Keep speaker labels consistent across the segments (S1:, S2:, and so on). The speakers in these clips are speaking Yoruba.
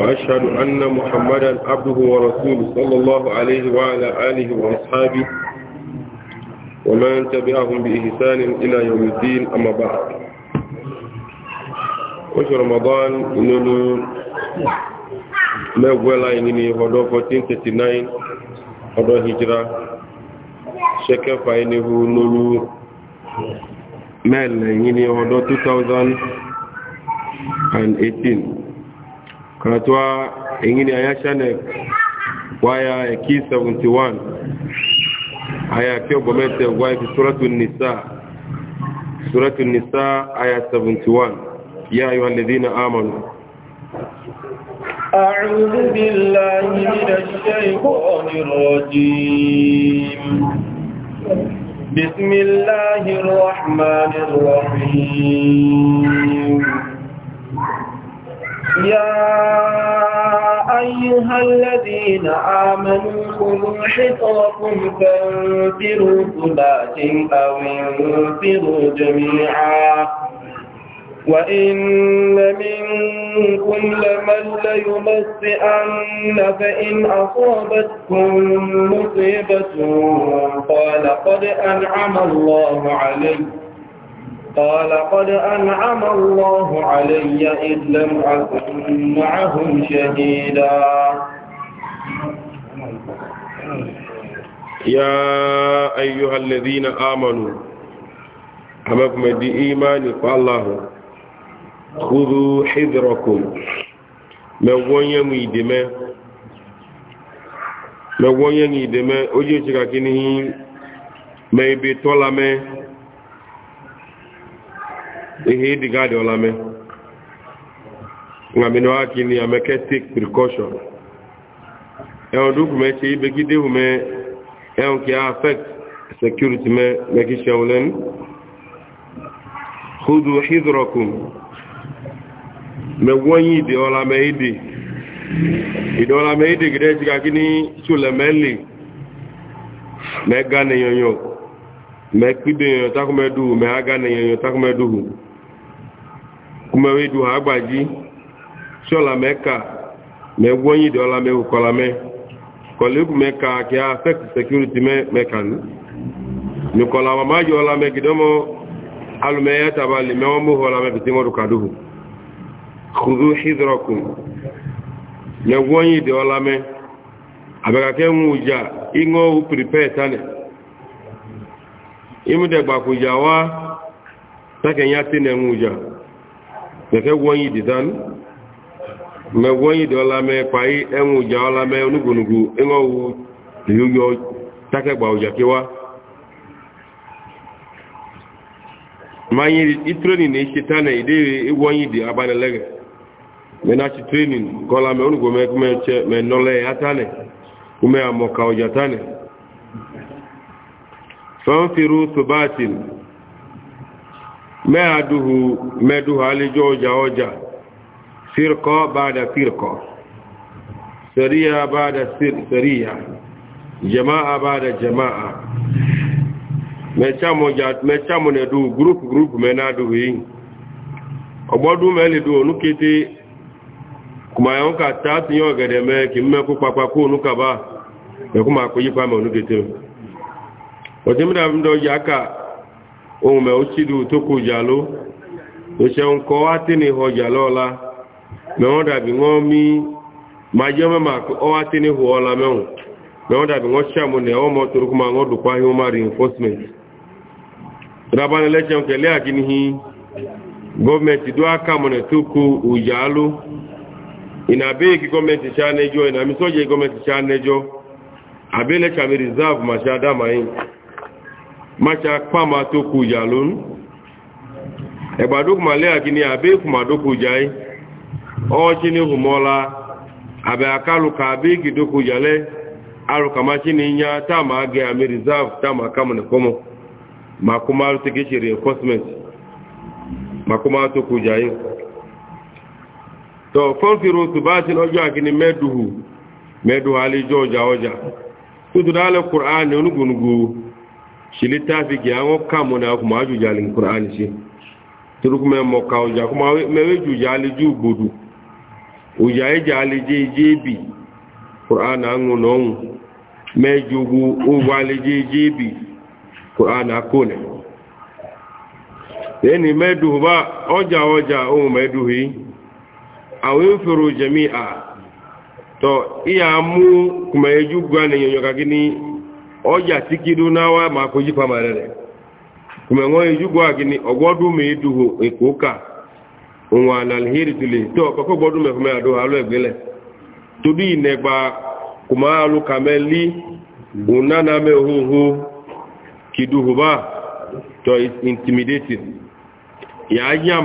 S1: وأشهد أن محمدا عبده ورسوله صلى الله عليه وعلى آله وأصحابه ومن تبعهم بإحسان إلى يوم الدين أما بعد oṣù ramadan nínú mẹ́gbẹ́lá ìnini ọdọ́ 1439 ọdọ́ hijira ṣẹ́kẹfà ìnihu lórí mẹ́lẹ̀ ìnini ọdọ́ 2018 kanatwa ingini aya chane waya ya ki 71 aya kyo bomete waya ki suratu nisa suratu nisa aya 71 ya ayuha alladhina amanu
S2: أعوذ بالله من الشيطان الرجيم بسم الله الرحمن الرحيم يا أيها الذين آمنوا خذوا حطركم فانفروا ثبات أو انفروا جميعا وإن منكم لمن ليمسئن فإن أصابتكم مصيبة قال قد أنعم الله عليكم قال قد أنعم الله علي إذ لم أكن معهم شهيدا
S1: يا أيها الذين آمنوا أمكم دي إيمان فالله خذوا حذركم من وين يدمه من وين يدمه أجيشك كنه ما يبي طلمه ihe ịdịga dị ọla mee ngamino aki ni ameke e take precaution ẹ̀hùn dúkù mẹ́ ṣe ibegide hume ẹ̀hùn kí a affect security mẹ́ mẹ́kí ṣẹun lẹ́nu hudu hidrokun mẹ́ wọ́n yí ìdí ọla mẹ́ ìdí ìdí ọla mẹ́ ìdí gidẹ́ ṣe kàkí ní ṣùlẹ̀ mẹ́lì mẹ́ gánà yọnyọ mẹ́ pídé yọnyọ tákùmẹ́ kumawe du ha gbadzi sɔla mɛ ka mɛ wɔnyi dɔ la mɛ wòkɔla mɛ kɔlɛku mɛ ka kia fɛk security mɛ mɛ ka nu nukɔla wa ma yɔ la mɛ gidɔ mɔ alu mɛ yata li mɛ wɔn mo hɔ la mɛ pete mɔ do ka do ho kudu hidrɔkum mɛ wɔnyi dɔ la mɛ abɛkakɛ ŋu dza iŋɔ wo prepare tani imu dɛ gbakudza wa sakɛ nya ti nɛ ŋu dza. mẹ̀kẹ́ wọ́nyí dìdán dị wọ́nyí dì ọlá mẹ́ pàáyí ẹ̀wọ̀n ìjà ọlá mẹ́ onúgbònúgbò ẹ̀wọ̀wò tèyóyọ ọjà kíwá ma yí ìtírẹ́nì ní na tánà ìdé wọ́nyí dì abánilẹ́gẹ̀ mẹ náà ṣe tírẹ́nì kọlá mẹ́ onúgbò mẹ́àdùhù mẹ́dùhù alẹ́jọ́ ọjà ọjà fírkọ́ báadà fírkọ́ sẹ̀ríyà báadà sẹ̀ríyà jama'a báadà jama'a mẹ́chàmùnẹ̀dù gúrùpù gúrùpù mẹ́nàdùhù yìí ọgbọ́dù mẹ́lẹ̀dù onúkété kùmàyàn ká tààtìyàn ọ̀gẹ̀dẹ̀ mẹ́ kí mẹ́kú papakó onúkàbá mẹ́kú màkó yípa mẹ́ onúkété ọ̀tí mẹ́dàmdọ̀ yàkà ohun mẹ́ ó chídù tó kò jàló òṣèun kọ́ wá tí ní họ jàlọ́ ọ̀la mẹ́wọ́n dàbí wọ́n mí máa jẹ́ mẹ́mà ọ wá tí ní họ ọ̀la mẹ́wọ̀n mẹ́wọ́n dàbí wọ́n ṣàmù ní ẹwọ́ mọ́ torókù máa wọ́n dùpá human reinforcement rabanilẹ́ṣẹun kẹ̀lẹ́ àkíníhí gọ́ọ̀mẹ̀ntì dó ákàmọ̀nẹ̀ tó kò òjàló ìnàbẹ́ẹ̀kì gọ́ọ̀mẹ̀ntì ṣáà nẹjọ́ ìnàmísọ́jẹ̀ gọ́ọ̀mẹ̀ntì ṣáà nẹjọ́ àbẹ́lẹ́ṣàmì reserve màṣáà macha kpama to kuja lon egbadokuma lé akini abe kumadokuja yi ɔtsi ni humɔla abe akaluka abe kidokuja lɛ aluka matsi ni nya tama agɛ ami reserve tama kama ne kɔmɔ makoma teke tsi reinforcement makoma to kuja yi tɔ fɔnfiro tubaasi n'ɔjɔ akini mɛduhu mɛduhu ali jɔ ɔdza ɔdza tutu n'alɛ kur'an ne onugunugu. shi littafi ki an wakka mu na kuma aju jalin qur'ani shi turu kuma mo ka uja kuma me we ju ju gudu uja e jali je je bi qur'ana an non me jugu u wali je je bi o mu kuma ọjà tí kí dún náà wá máa kojú pàmà rẹ̀ rẹ̀ kùmẹ̀wọ́n ìjúgbọ́ àgini ọgbọ́dún mi dùhò èkó kà òun àlàlìhérì tó lè tó ọ̀kọ́kọ́ gbọ́dún mẹ́fọ́mẹ́ àdó alọ́ ẹ̀gbẹ́lẹ̀ tó dí ìnẹ̀gbà kùmà alùkàmẹ́ lí òun nánà mẹ́ òhunhu kì dùhò bá tọ́ intimidated yàá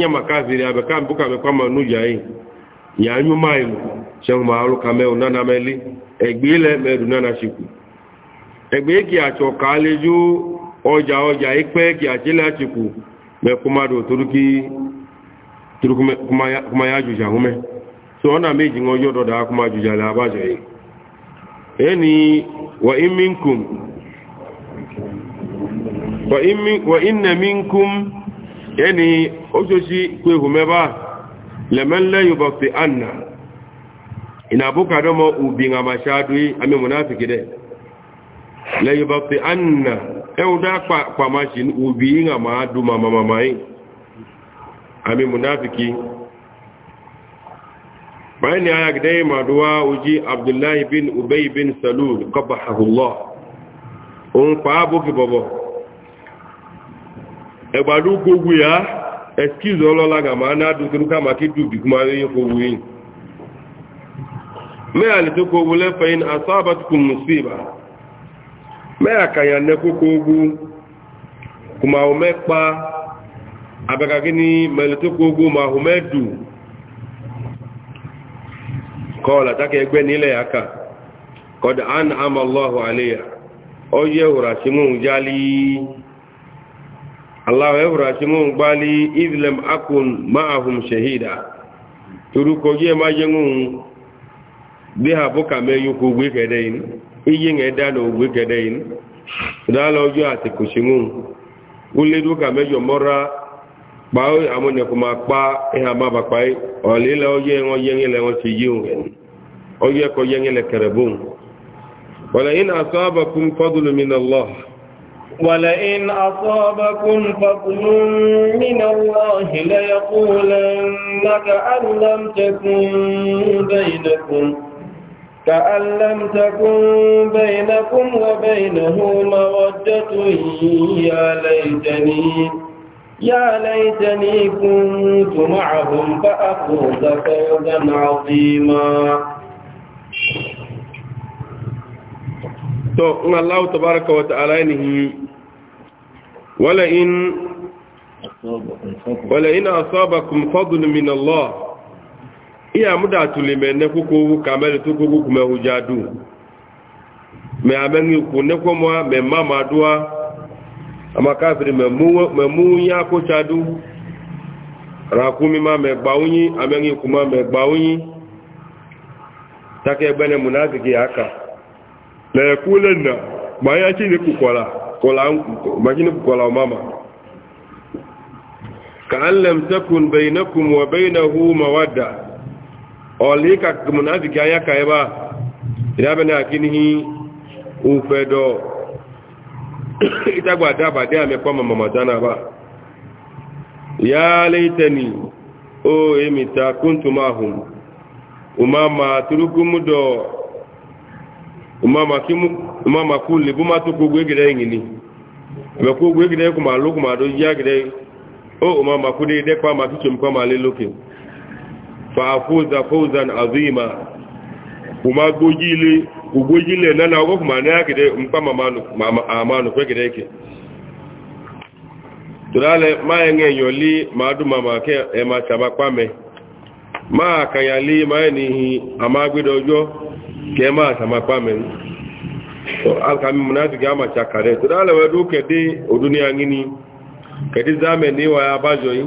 S1: nyàmà káàkiri abẹ́ká mbúkàmẹ́ pàmà nújà yìí yàá nyúmáìlù sẹ́wọ̀n alùkàmẹ́ òun nánà mẹ́ lí ẹ̀gbẹ́lẹ̀ mẹ́rù nánà ṣekù ẹgbẹ́ kí àtsọ kàálejò ọjà ọjà ipẹ́ kí àtsílẹ̀ àtìkù mẹ́kúmádò torúkí kúmáyà jùjà húnmẹ́ tí wọ́n náà méjì wọn yọ́dọ̀ dáa kúmá jùjà làbájọ yìí ẹni wà ìmínkùn wà ìnẹ̀mínkùn ẹni oṣooṣi dẹ̀ lẹ́yìn bá pé anna ẹ̀hùn dá pàmà ṣe òbí ìhàn máa dùn màmà màmà yìí àmì mùnáfikí báyìí ni ayà gidẹ́ màdúwá ojí abdullahi bin ubay bin salul kọba ahùlọ́ òun pàá bókè bọ̀bọ̀ ẹgbàdú gbogbo ya ẹskíz ọlọ́lá gàmà náà dùn ká màkí dùbì kúmà yóò mẹ́ra kàyà nẹ́kókó ogún kuma òmẹ́ pa abẹ́kàkí ní mẹ́lẹ̀tókó ogún ma òmẹ́ dù kọ́ látàkì ẹgbẹ́ nílẹ̀ aka kọ́dà án àmàlọ́hù àléyà ọ yẹ òràṣímù jálí aláwọ̀ ẹ̀ òràṣímù gbálí islam akun ma'ahum shahida turukọ̀ yẹ má jẹ́ bí àbúkà iye ŋa da na ogbe gɛdɛ yin daala ojú àti kòsíŋù wúlédú ka mẹjọ mọra kpawo amúnyẹkùmá kpa ẹhà má ba kpa yi ọ̀lẹ́lẹ̀ ọjọ́ yẹn wọ́n yẹn lẹ́ wọ́n ti yí wọn ẹni ọjọ́ yẹn kọ́ yẹn lẹ́ kẹrẹ bọ́n wọ́n yẹn asọ́
S2: abakun fọ́dúnlù mi nà lọ́. ولئن أصابكم فضل من الله ليقولن كأن لم تكن بينكم كأن لم تكن بينكم وبينه مودة يا ليتني يا ليتني كنت معهم فأفوز فوزا عظيما
S1: تو الله تبارك وتعالى انه ولئن ولئن أصابكم فضل من الله iya muda tulime ne kuku kamele tu kuku kumehuja du me amengi ku ne komo me mama dua ama kafiri me mu me mu ya ko chadu rakumi ma me gbaunyi amengi kuma me gbaunyi take bene munafiki aka le kulenna baya chini kukola kola majini kukola mama ka takun bainakum wa bainahu mawadda ọ̀lẹ́ ka munafiki anya ka ẹba ìdábẹ́ náà kí ní òfẹ́ dọ̀ ìtagbà dábà àmẹ́kọ́ mọ̀mọ̀mọ̀ta náà bá ya lẹ́tẹ̀ni ó èmì ta kúntùmáhùn umama turukumu dọ̀ umama kú lè bú má tó gbogbo ẹgẹ̀rẹ́ yìí ni ẹ̀mẹ́kọ́ gbogbo ẹgẹ̀rẹ́ kùmà lókùmà tó yá gẹ̀rẹ́ ó umama kú dé dẹ́pà má tó fàáfóza fózan azima kuma gbójílé gbójílé nana ọgọ́ kuma ní àkìdẹ́ mpa àmánu fẹ́kìdẹ́ kì tòlálẹ̀ máa ń ẹ̀yàn lé máa dùn máa máa kẹ́ ẹ máa sàbá pàmẹ́ máa kàyà lé máa ní ihin àmágbédọ̀ ọjọ́ kẹ́ máa sàbá chakare tòlálẹ̀ wẹ́dú kẹ́dé òdúnìyàn ní kẹ́dé zámẹ̀ níwáyà abájọ yìí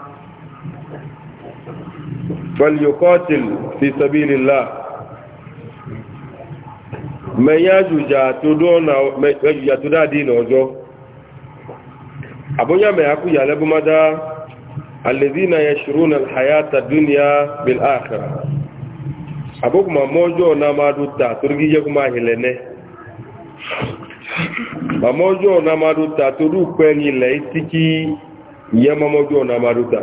S1: فليقاتل في سبيل الله من يجوجا تدون من يجوجا تدا دين اوجو ابويا ما يكو يا لبمدا الذين يشرون الحياة الدنيا بالآخرة abokuma mojo na maduta turgi yekuma hilene ba mojo na maduta tudu kwen ile itiki yema mojo na maduta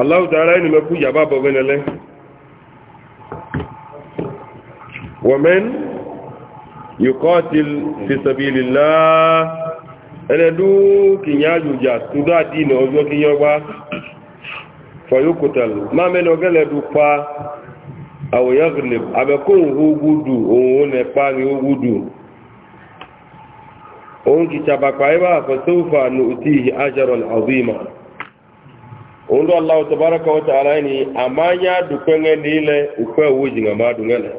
S1: aláwọ̀ tààrà ẹni mẹ́kú yàbá bọ̀gẹ́nẹ̀lẹ́ wọ̀mẹ́n yíkọ́tìl fi sàbílìlá ẹnẹ́dú kìyàn àjòjà tó dáadí ní ọjọ́ kíyàn wá fọyókòtàl máa mẹ́ni ọgẹ́lẹ́dú pa àwòyàgìlẹ̀ abẹ́kóhùn ogudu òun nẹ̀párí ogudu òun ondu allah tabaraka wa ta'ala ni amanya dukwenge nile ukwe uji nga madu ngene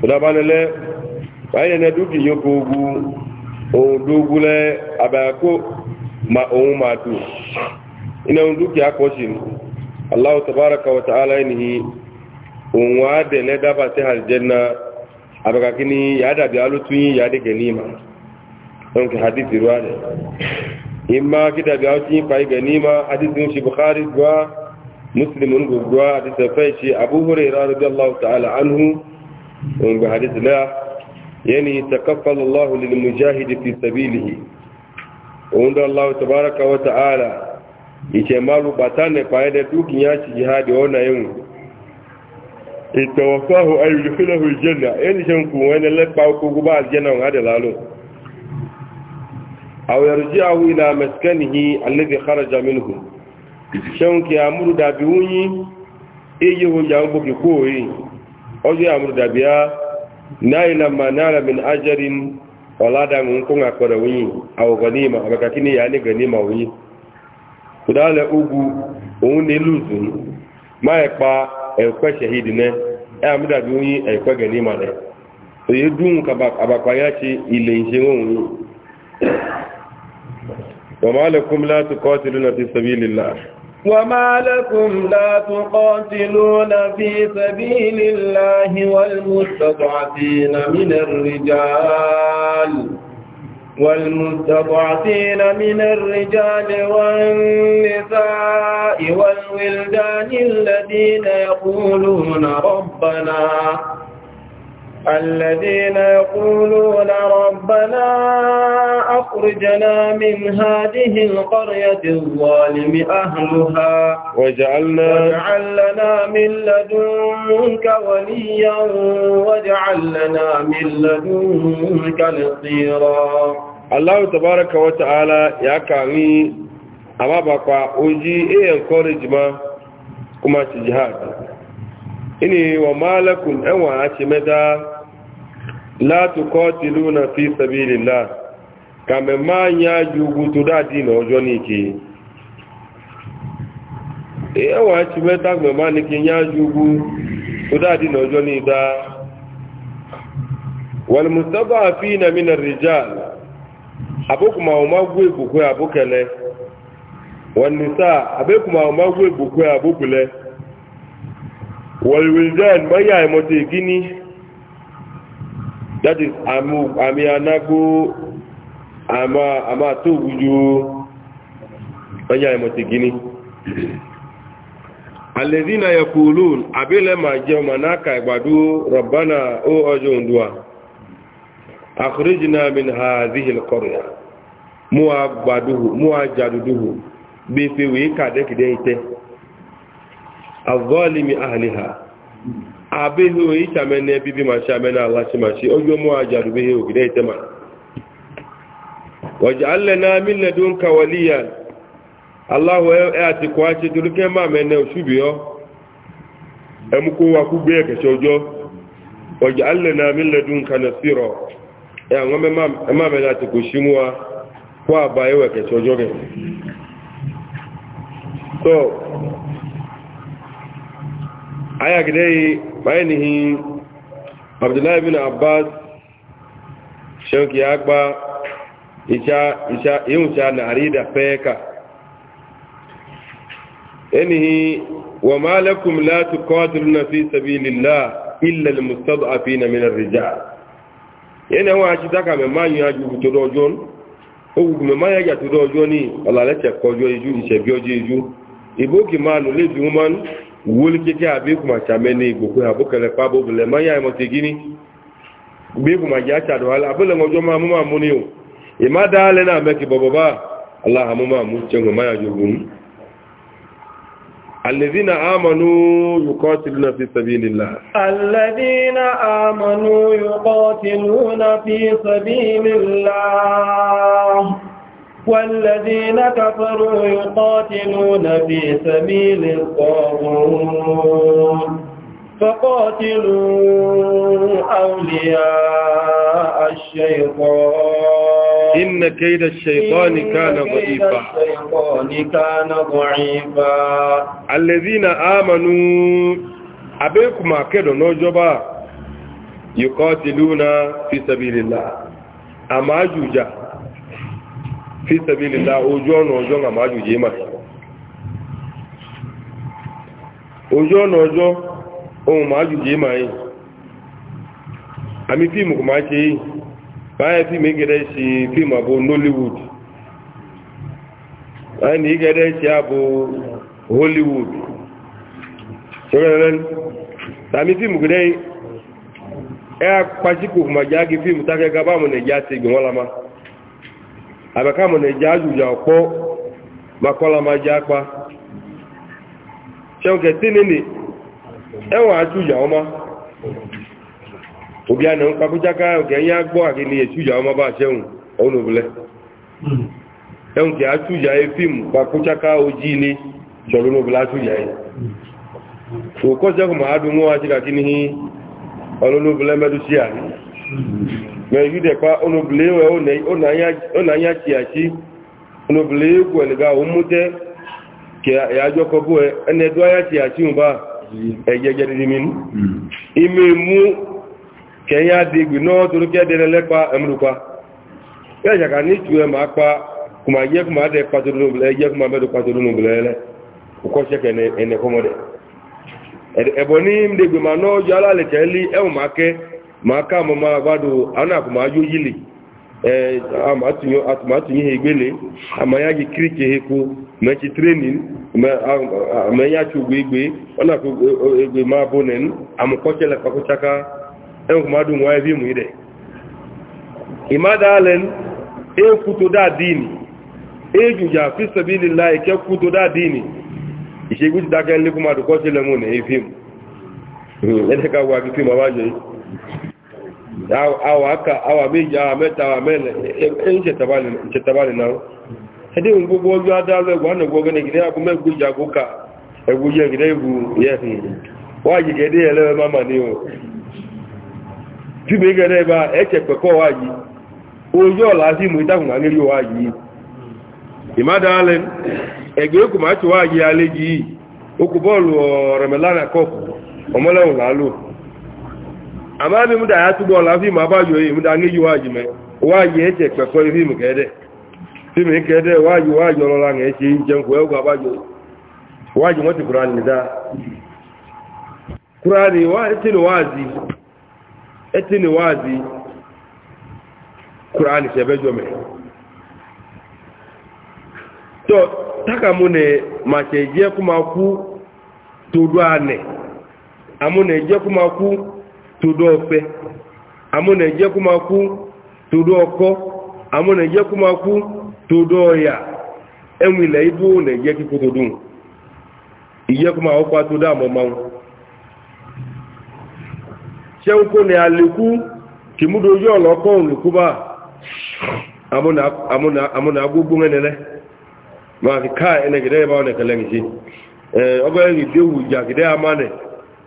S1: kudabanele baile ne duki yoko ugu ondugule abayako ma ohun madu ina onduki akoshin allah tabaraka wa ta'ala ni ohun wa de ne daba te aljanna abaka kini ya dabi alutun ya de ganima donc hadith ruwa imma kida bi auci pai ganima hadisin shi bukhari gwa muslimun gwa hadisin fai shi abu hurairah radiyallahu ta'ala anhu on ga hadis la yani takaffala allah lil mujahid fi sabilihi on da allah tabaaraka wa ta'ala yace malu batane pai da dukiya ci jihadi ona yin itawafahu ay yudkhilahu aljanna yani shan ku wani la pa ku ba aljanna on hada lalo aw yarji'ahu ila maskanihi alladhi kharaja minhu shanki amuru dabi wunyi eye wo ya ngbo ki ko yi oje amuru dabi ya naila manala min ajrin wala da ngun ko ngakore wunyi aw ganima abaka kini ya ganima wunyi kudale ugu ohun ni ma e pa e kwe shahid amuru dabi wunyi ekwe chi ile وما لكم لا تقاتلون في سبيل الله
S2: وما لكم لا تقاتلون في سبيل الله والمستضعفين من الرجال والمستضعفين من الرجال والنساء والولدان الذين يقولون ربنا الذين يقولون ربنا أخرجنا من هذه القرية الظالم أهلها وجعلنا, وجعلنا من لدنك وليا وجعلنا من لدنك نصيرا الله تبارك وتعالى يا كامي أما بقى أجي إيه encourage
S1: ما كما تجهاد إني وما لكم أوعى مدى la tuqatiluna fi sabilillah kàmẹ́ máa yá jogun tó dáadí ní ọjọ́ ní ìké ẹwà ti mẹ́ta gbẹ̀má ní kí yá jogun tó dáadí ní ọjọ́ ní ìdá wal mustad'afina minar rijal abokuma ọmọ agwọ ìbùkú abókẹlẹ wọn nìsá abẹ́kuma ọmọ agwọ ìbùkú abókẹlẹ wal wildan mọ́yà ẹ̀mọ́tẹ̀ that is Amu àmì ama àmà tó wújú ọjà ìmọ̀tí gini alèzínà yẹkùlù àbílẹ̀ máa jẹ ọmọ náà ka ìgbàdú rọ̀bánà ó ọjọ́ òǹdúwà àkùrẹ́jìnà min mu zihil kọrìyà mú a jàdùdúhù bí fèwé kàdẹ́kìdẹ́ ìtẹ́ àvọ́lìmí àhàlìhà abehe oyi chamen na ebibi ma chamen na alachi ma chi oge ụmụ aja rubeghị ogide ite ma waje alle na amin ledun kawaliya allahu e, e ati kwachi duruke ma mene osubio emuko wa kugbe ekeche ojo waje alle na amin ledun ka nasiro ya e, ngome ma mene ati kushinwa kwa abaye wekeche ojo ge so aya gidei bayanihi abdullahi bin abbas ṣauki ya gba yin sha nari da feka yanihi wa malakum la tuqatiluna fi sabilillah illa almustad'afina min ar-rijal yana wa ci taka me ma yin aju to dojon o wu me ma ya ja to dojon ni ala le che kojo iju ise bi iju ibo ki ma lo woman wuli keke a bi kuma chame ne gbogbo abu kele pabo bile ma ya imote gini bi kuma ya chado ala abu le ngojo ma mu ma mu ni o e ma allah الذين آمنوا يقاتلون في سبيل الله
S2: الذين آمنوا يقاتلون في سبيل الله والذين كفروا يقاتلون في سبيل الطاغوت فقاتلوا أولياء الشيطان إن كيد الشيطان كان ضعيفا الشيطان كان ضعيفا
S1: الذين آمنوا أبيكما كدو نوجبا يقاتلون في سبيل الله أما جوجا fi sabilillah ojú ọ̀nà ọjọ́ nà máa jùjẹ́ mà ojú ọ̀nà ọjọ́ ohun máa jùjẹ́ mà yìí àmì fíìmù kò máa ṣe yìí báyẹ̀ fíìmù gẹ́gẹ́ ṣe fíìmù àbò nollywood báyẹ̀ ní gẹ́gẹ́ ṣe àbò hollywood ṣọ́rẹ́rẹ́n àmì fíìmù gẹ́gẹ́ ẹ́ apàṣípò kò máa jáde fíìmù tákẹ́gà báwọn abaka mụ na-eji ajụjụ ọkpọ ma ji akpa chenke tinini enwe ajụjụ ọma ụbịa na mkpapụchaka nke enye agbọ a na echuja ọma ba chenwu ọnụbule enke achụja efim kpapụchaka ojii ni chọrọ ya ụkọchekwu ma ha ha gị n'ihi mejidekwa onubilewe onanya chiachi onubile gwelga umute ke ya jokobue ene du aya chiachi mba ejejeririmin imemu ke ya digbi n'ọtụrụ ke denele kpa emrukwa eja ka ni tue ma kpa kuma ye kuma de kpatoro n'obile eje kuma medo kpatoro n'obile ele ukọche ke ene komode ebo ni mdegbe ma n'ọjọ ala lecheli ma ma ka ma ma gbado ana kuma ayo yili eh ama atinyo atuma atinyo egbele ama ya gi ona ko egbe e, e, ma bonen am ko wa bi mu ide imada alen e dini e ju ja fi sabilillah e dini ìṣègùn ti dákẹ́ lé kó máa dùkọ́ sílẹ̀ mọ́ ní èéfìm ẹ̀ẹ́dẹ́ka wà awa aka awa méjì awa mẹ́ta awa mẹ́lẹ̀ ẹ̀yìn ṣẹ̀tàbálì náà ẹdí òun gbogbo ka. adáàlú ẹgbù ánàgbò ọgẹ́nà ìgbìyàn agó mẹ́gbù ìjàgó ká ẹgbù yẹ ìgbìyàn ìgbù yẹ́fìn wá jìgẹ́dẹ́ ẹlẹ́wẹ́ máma ní o fíbi gẹ́dẹ́ bá ẹ̀kẹ́ pẹ̀kọ́ wá yìí ojú ọ̀la sí mú ìtàkùn àgẹ́rí ama mi muda ya tubo la fi ma ba yo yi muda ngi yuwa ji me wa yi e che pe ko fi mu kede fi mi kede wa yi la nge chi nje ko e ko ba yo wa yi mo ti qur'an ni wazi etin wazi qur'ani taka mu ne ma che amune je todo ọpẹ amúnà jẹ́ kó máa kú todo ọkọ́ amúnà jẹ́ kó máa kú todo ọyà ẹ̀wọ̀n ilẹ̀ ibú nà jẹ́ kíkó tó dùn ìjẹ́ kó máa ọkọ̀ àtúndà àmọ́ máa ń ṣẹ́wọ́n kó ní alẹ́kú kì mú dojú ọ̀lọ́kọ́ òlùkú bá amúnà agbógbó mẹ́nẹ́lẹ́ máa fi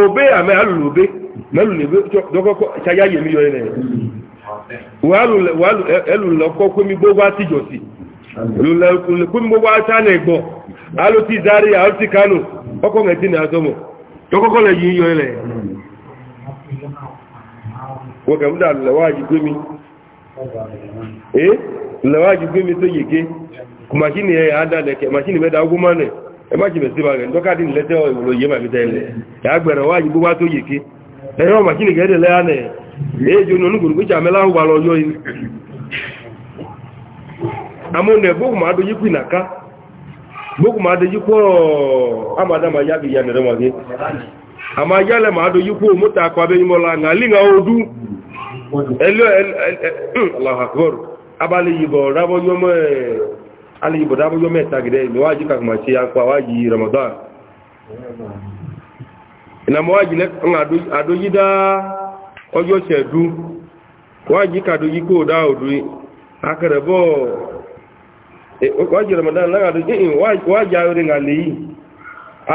S1: obe ame alulu obe mẹlulu ebe dọkọkọ ṣayá yẹmi yọ ilẹ wàlùlẹ ọkọ kwemi gbogbo atijọsi lùlẹ kwemi gbogbo atánẹ kano ọkọ ngẹtí ní asọmọ dọkọkọ lẹ yìí yọ ilẹ wọkẹ múdà lùlẹ wájú kwemi ee lùlẹ wájú kwemi tó ẹmá jìbẹ̀ sí bàgẹ̀ ǹdọ́kàdì lẹ́tẹ́ ìwòlò yìí máa fi tẹ́ ilẹ̀ ìyàgbẹ̀rẹ̀ wá ìgbó wá tó yè ké ẹ̀rọ màkínì gẹ́dẹ̀ lẹ́yànẹ̀ èéjò ní onúgbòrò pé jàmẹ́lá ń wà lọ yọ ilẹ̀ amóhùn ẹ̀gbóhùn máa dojú kú ìnàká ọ alìyí bọ̀dá bọ́jọ́ mẹ́ta gẹ̀dẹ́ ìwájí kàkùmà ṣe apá wájí ramadan ìnàmọ́ wájí àdójí dá ọjọ́ ṣẹ̀dú wájí kàdójí kó dá òdú akẹrẹbọ́ wájí ramadan lágàdójí wájí ayọ́rẹ́ ngà lèyí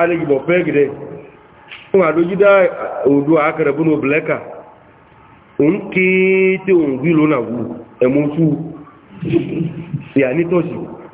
S1: alìyí bọ̀ fẹ́ gẹ̀dẹ́ àdójí dá òdú akẹrẹbọ́ ní obìlẹ́kà òun kéèté òun gbí lónà wù ẹ̀mọ́tú ìyà nítòsí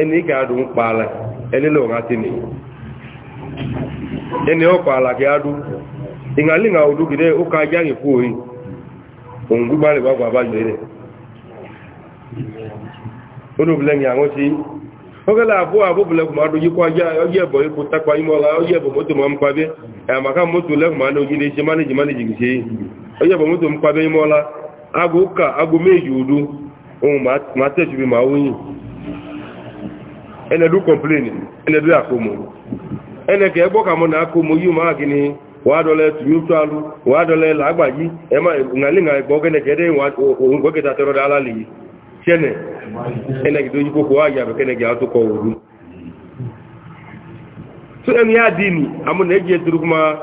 S1: ẹni ìkàádùn ń pa alẹ́ ẹni lọ ọ̀rá tí ni ẹni ọ̀pọ̀ alàkẹ́ adú ìgbàlìngà olúgidẹ́ ó ká jáyìn fún orí òun gbígbà lè wá bàbá jẹ́ rẹ̀ olúbìlẹ́yìn àwọn tí ó kẹ́lẹ̀ àbú àbúbìlẹ́kùn máa dojú kọ́ ọjẹ́bọ̀ ipò tápa imọ́lá ọjẹ́bọ̀ mọ́tò máa ń pabẹ́ ẹ̀màká mọ́tò lẹ́kùn ní ṣe ene du complain ene du akomo ene ke egbo kamo na akomo yi ma gini wa dole tumutualu wa dole lagbaji e ma ngali nga egbo gene ke de wa o ngwe ke ta toro dala li chene ene ke do yi koko wa ya be kene so en ya dini amu ne duru kuma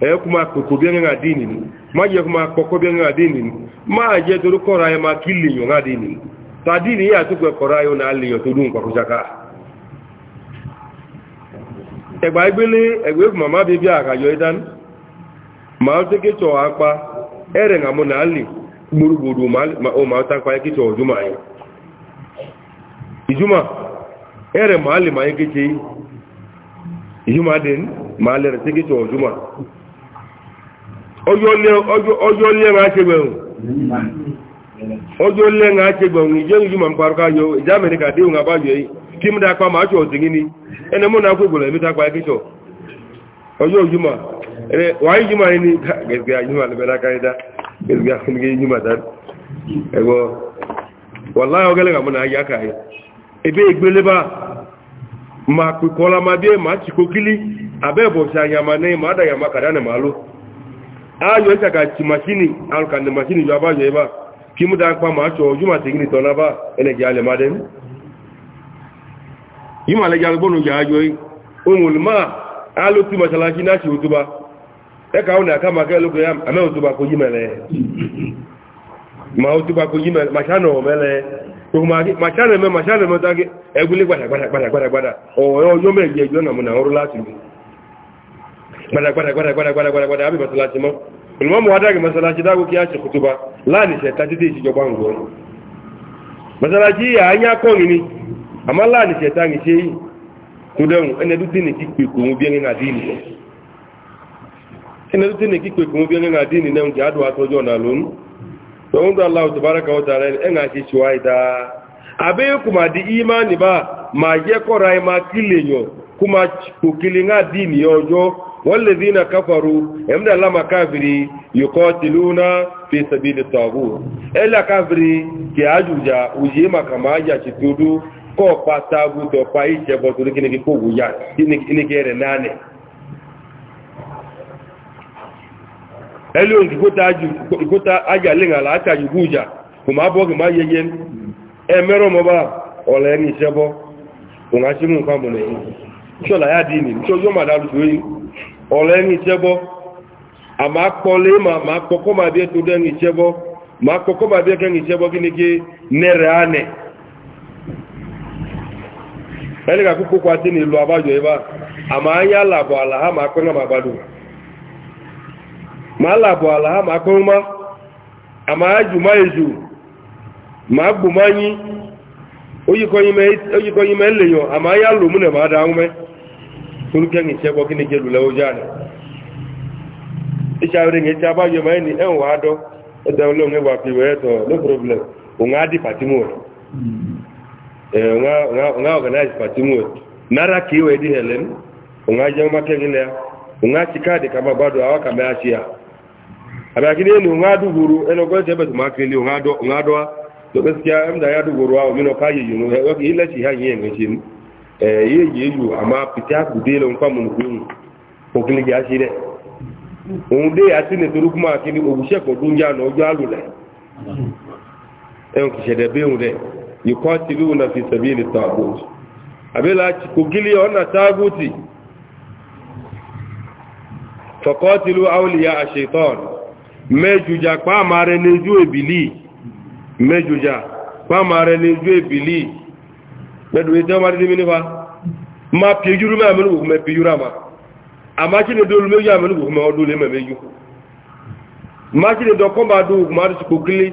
S1: e kuma koko bi dini ni ma je kuma koko bi dini ma je duru kora e ma kili dini ta dini ya tu ko kora yo na ali yo tudun ko kujaka ẹgbà igbélé ẹgbẹ́ fún màmá bíbí àkàjọ ìdánù màá tẹ́ kétsọ̀ apá ẹ̀rẹ̀ àmọ́ náà lè gbórúgbòdò o màá tápa kétsọ̀ ọ̀júmọ̀ ayé ìjúmọ̀ ẹ̀rẹ̀ màá lè máa kétsẹ̀ yìí ìjúmọ̀ adé màá lé lé ìjà kí mú dápá máa jọ ọ̀dìrí ní ẹni mú náà gbogbo ẹ̀mí dápá ẹgbẹ́jọ ọjọ́ òjúmọ̀ ẹni wà ní jùmọ̀ ní gẹ̀gẹ̀ àjúmọ̀ lẹ́bẹ̀ẹ́dá káyídá gẹ̀gẹ̀ àfúnigẹ́ jùmọ̀ dáadé ẹgbọ́ wà láyọ̀ gẹ́lẹ́ kàmú náà yá káyé ebe ìgbélébà máa pè kọ́lá máa bí máa ti kó kílí abẹ́bọ̀ ṣàyàmà ní máa dàyàmà ló yíma lẹ́jà agbónú jàájọ́ ohun olùmọ́ alótú masalasi náà ṣe òtúbá ẹka ọ̀nà àkàmàkẹ́ lókè àmẹ́ òtúbá kò yímẹ̀lẹ́ ma òtúbá kò yímẹ̀lẹ́ màṣánà ọ̀mẹ́lẹ́ màṣánà mẹ́ màṣánà mẹ́ tàgé ẹgbẹ́lẹ́ gbàdàgbàdàgbàdàgbàdà ọ̀rọ̀ ọjọ́ mẹ́rin ẹjọ́ nà mọ̀ nà ọrọ̀ láti mi gbàdàgbàdàgbàdàgbàdà àbí masalasi mọ́ olùmọ́ mọ́ adági masalasi dágó kí á ṣe kùtùbá láàrin ṣẹ̀ta títí ìṣìjọba ń gbọ́ masalasi yà á yá kọ́ ni ni àmọ́ láàrin ṣẹ̀ta ní ṣe yìí tó dẹ̀rùn ẹnẹ́dú tí ní kípe kò ń bíẹ́rin àdínì ẹnẹ́dú tí ní kípe kò ń bíẹ́rin àdínì náà jẹ́ àdó àtọ́jọ́ ọ̀nà lónú tọ́hún tó aláwọ̀ tó bára kàwọ́ tààrẹ ẹ̀nà ṣe ṣe wáyé dáa àbẹ́yẹ kò máa di ìmá nìbá máa yẹ kọ́ra ẹ máa kọ́ pa tágù tọ́ pa ìjẹbọ̀ torí kí ní kí kó wùyá nígẹ́ rẹ̀ lánẹ̀ ẹlòun ìkóta ajàlẹ́n àlàákà yìí gúújà kò máa bọ́ kì máa yẹyẹ ẹmẹ́rọ mọ́bá ọ̀lẹ́ ní ìṣẹ́bọ́ òun á sí mú nǹkan mọ̀lẹ̀ ṣọ́lá yá dì ní ṣọ́ yọ́ màdá lùsọ yìí ọ̀lẹ́ ní ìṣẹ́bọ́ àmà kọ́kọ́ máa bí ẹ́ tó dẹ́ ìṣẹ́bọ́ máa nẹ́rẹ̀ ẹni kà kúkú kwá sí ní ìlú abájọ ibá àmà ala làbọ̀ àlàhá máa pẹ́ náà máa gbádùn máa làbọ̀ àlàhá máa pẹ́ mọ́ àmà ájù má èjù máa gbò má yín oyíkọyí mẹ́ lèyàn àmà ányá lò múnẹ̀ máa dáhùn mẹ́ torúkẹ́yìn ìṣẹ́gbọ́ kí ni jẹ́ lulẹ̀ ó jáde iṣẹ́ àwọn abájọ máa ní ẹ̀wọ̀n fi Eh, nga organize party mu nara ki di helen nga nga kama bado awa kama achia abakini ni nga duguru eno go tebe ma ke nga do nga do to gaskiya ya duguru awo mino yi yuno wa ki chi ha yi ngi chin eh ye ye eh, yu ama pitya ku de lo nka mu ku ya kini ko dunja no jo alule eh, yuqatiluna fi sabili tagut abela kugili ona taguti faqatilu awliya ash-shaytan mejuja pa mare neju ebili mejuja pa mare neju ebili bedu ite mare ni minifa ma pejuru ma melu me pejura ma amachi ne dolu meju amelu me odule me meju machi ne dokomba du ma kugili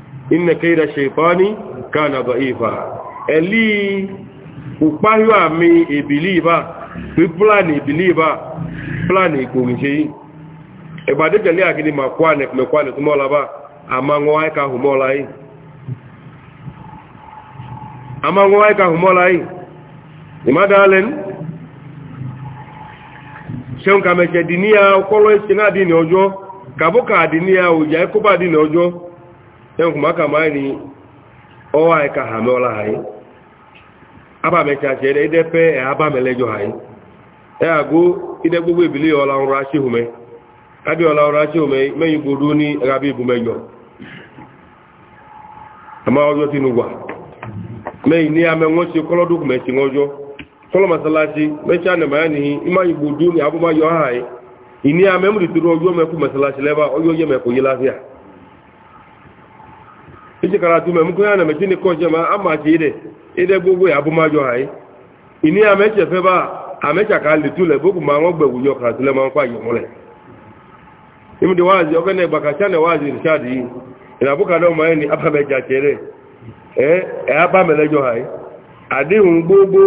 S1: inna kaida shaitani kana da'ifa eli upahiwa mi ibiliba pe plan ibiliba plan ikunje ebade gele agini makwane kumekwane tumola ba amango aika humola yi amango aika humola yi imadalen seun kameche dinia okolo isi na dini ojo kabuka dinia oja ekuba dini ojo ẹnkùn máa kàmá ní ọwọ́ àìkà àmì ọlá àyí abàmẹ́kàṣẹ́ ẹ̀dẹ́ ẹ̀dẹ́pẹ́ ẹ̀ abàmẹ́lẹ́jọ àyí ẹ àgó ìdẹ́ gbogbo ìbílẹ̀ ọlá ọrọ̀ aṣíhùmẹ́ adé ọlá ọrọ̀ aṣíhùmẹ́ mẹ́yìn gbòdó ní ẹgbẹ́ ìbùmẹ́jọ àmà ọjọ́ tí nùgbà mẹ́yìn ní amẹ́ wọ́n ṣe kọ́lọ́dún mẹ́sìn ọjọ́ kọ́lọ́mọ̀sálásí mẹ́ṣẹ́ ànàmáyà ní ìmáyìn gbòdó ní abúmáyọ àyí ìní amẹ́mùdìtúrú ọjọ́ mẹ́kù mẹ́sálásí lẹ́bà ọjọ iji karatu me mkụ ya na mechi nịkọ ọjọọ ma a machi ide ide gbogbo ya abụmajọ anyị e. ini ya meche feba amecha ka litule bụkwu ma nwọ gbegwu yọ karatu le ma nkwa yi nwụle imdi wazi oge na ịgbakacha na wazi rishad yi ina bụ kada ụmụ anyị abameja chere ee abamelejo anyị e. adịghị gbogbo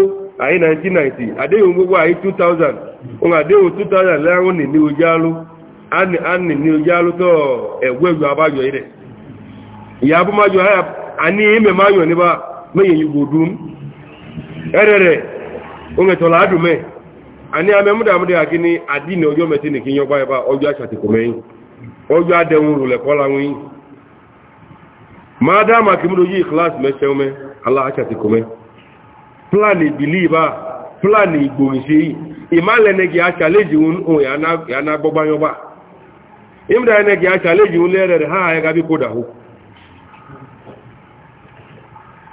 S1: anyị 1990 adịghị gbogbo anyị 2000 ụmụ adịghị 2000 le ahụ ni ni ojialụ ani ni ojialụ tọ egwu egwu abajọ ire ya bu maju haya ani me maju ni ba me yin yugo dum erere onye unge adume ladu me ani ame muda muda akini adini ojo meti ni kinyo ba ba ojo asati ko meyin ojo adehun rule ko la win madama kimudo yi ikhlas me cheume allah asati ko plan e believer plan igbo ise imale ne gi challenge un ya na ya na gbogba yo ba imda ne gi challenge un ha ya ga bi kodahu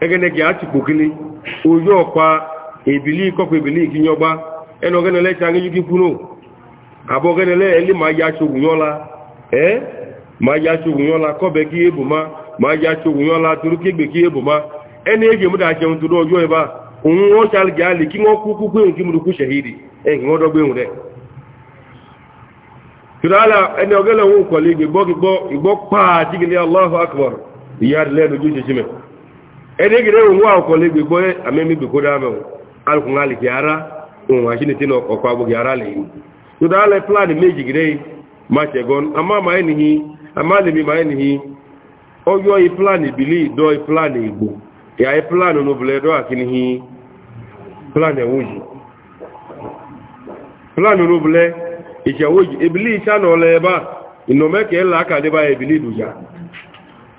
S1: egenege achịkpokili oyi ọkwa ebili kọkwa ebili kinye ọgba ẹnu ogenele ti anyụ gị kwuru abụ ogenele eli ma ya achogwunyola ee ma ya achogwunyola kọbe gị ebu ma ma ya achọ tụrụ turu egbe gị ebu ma ẹni eji emuda ache ntụrụ ọjọọ ebe a onwe ọcha gị alị ki nwa ọkụ shahidi ehi nwa tụrụ ala nwe igbe gbọ gbọ edegide onwe akwụkwọ igbegbo amemigbekodo amụ alụkwụna aliki ara onwa chineke na ọkwa agbụghị ara lii tụda ala plan mejigide e, ma chegon ama ma enihi ama ma enihi ọyọ i plan bili do i igbo ya na a inome aka ebili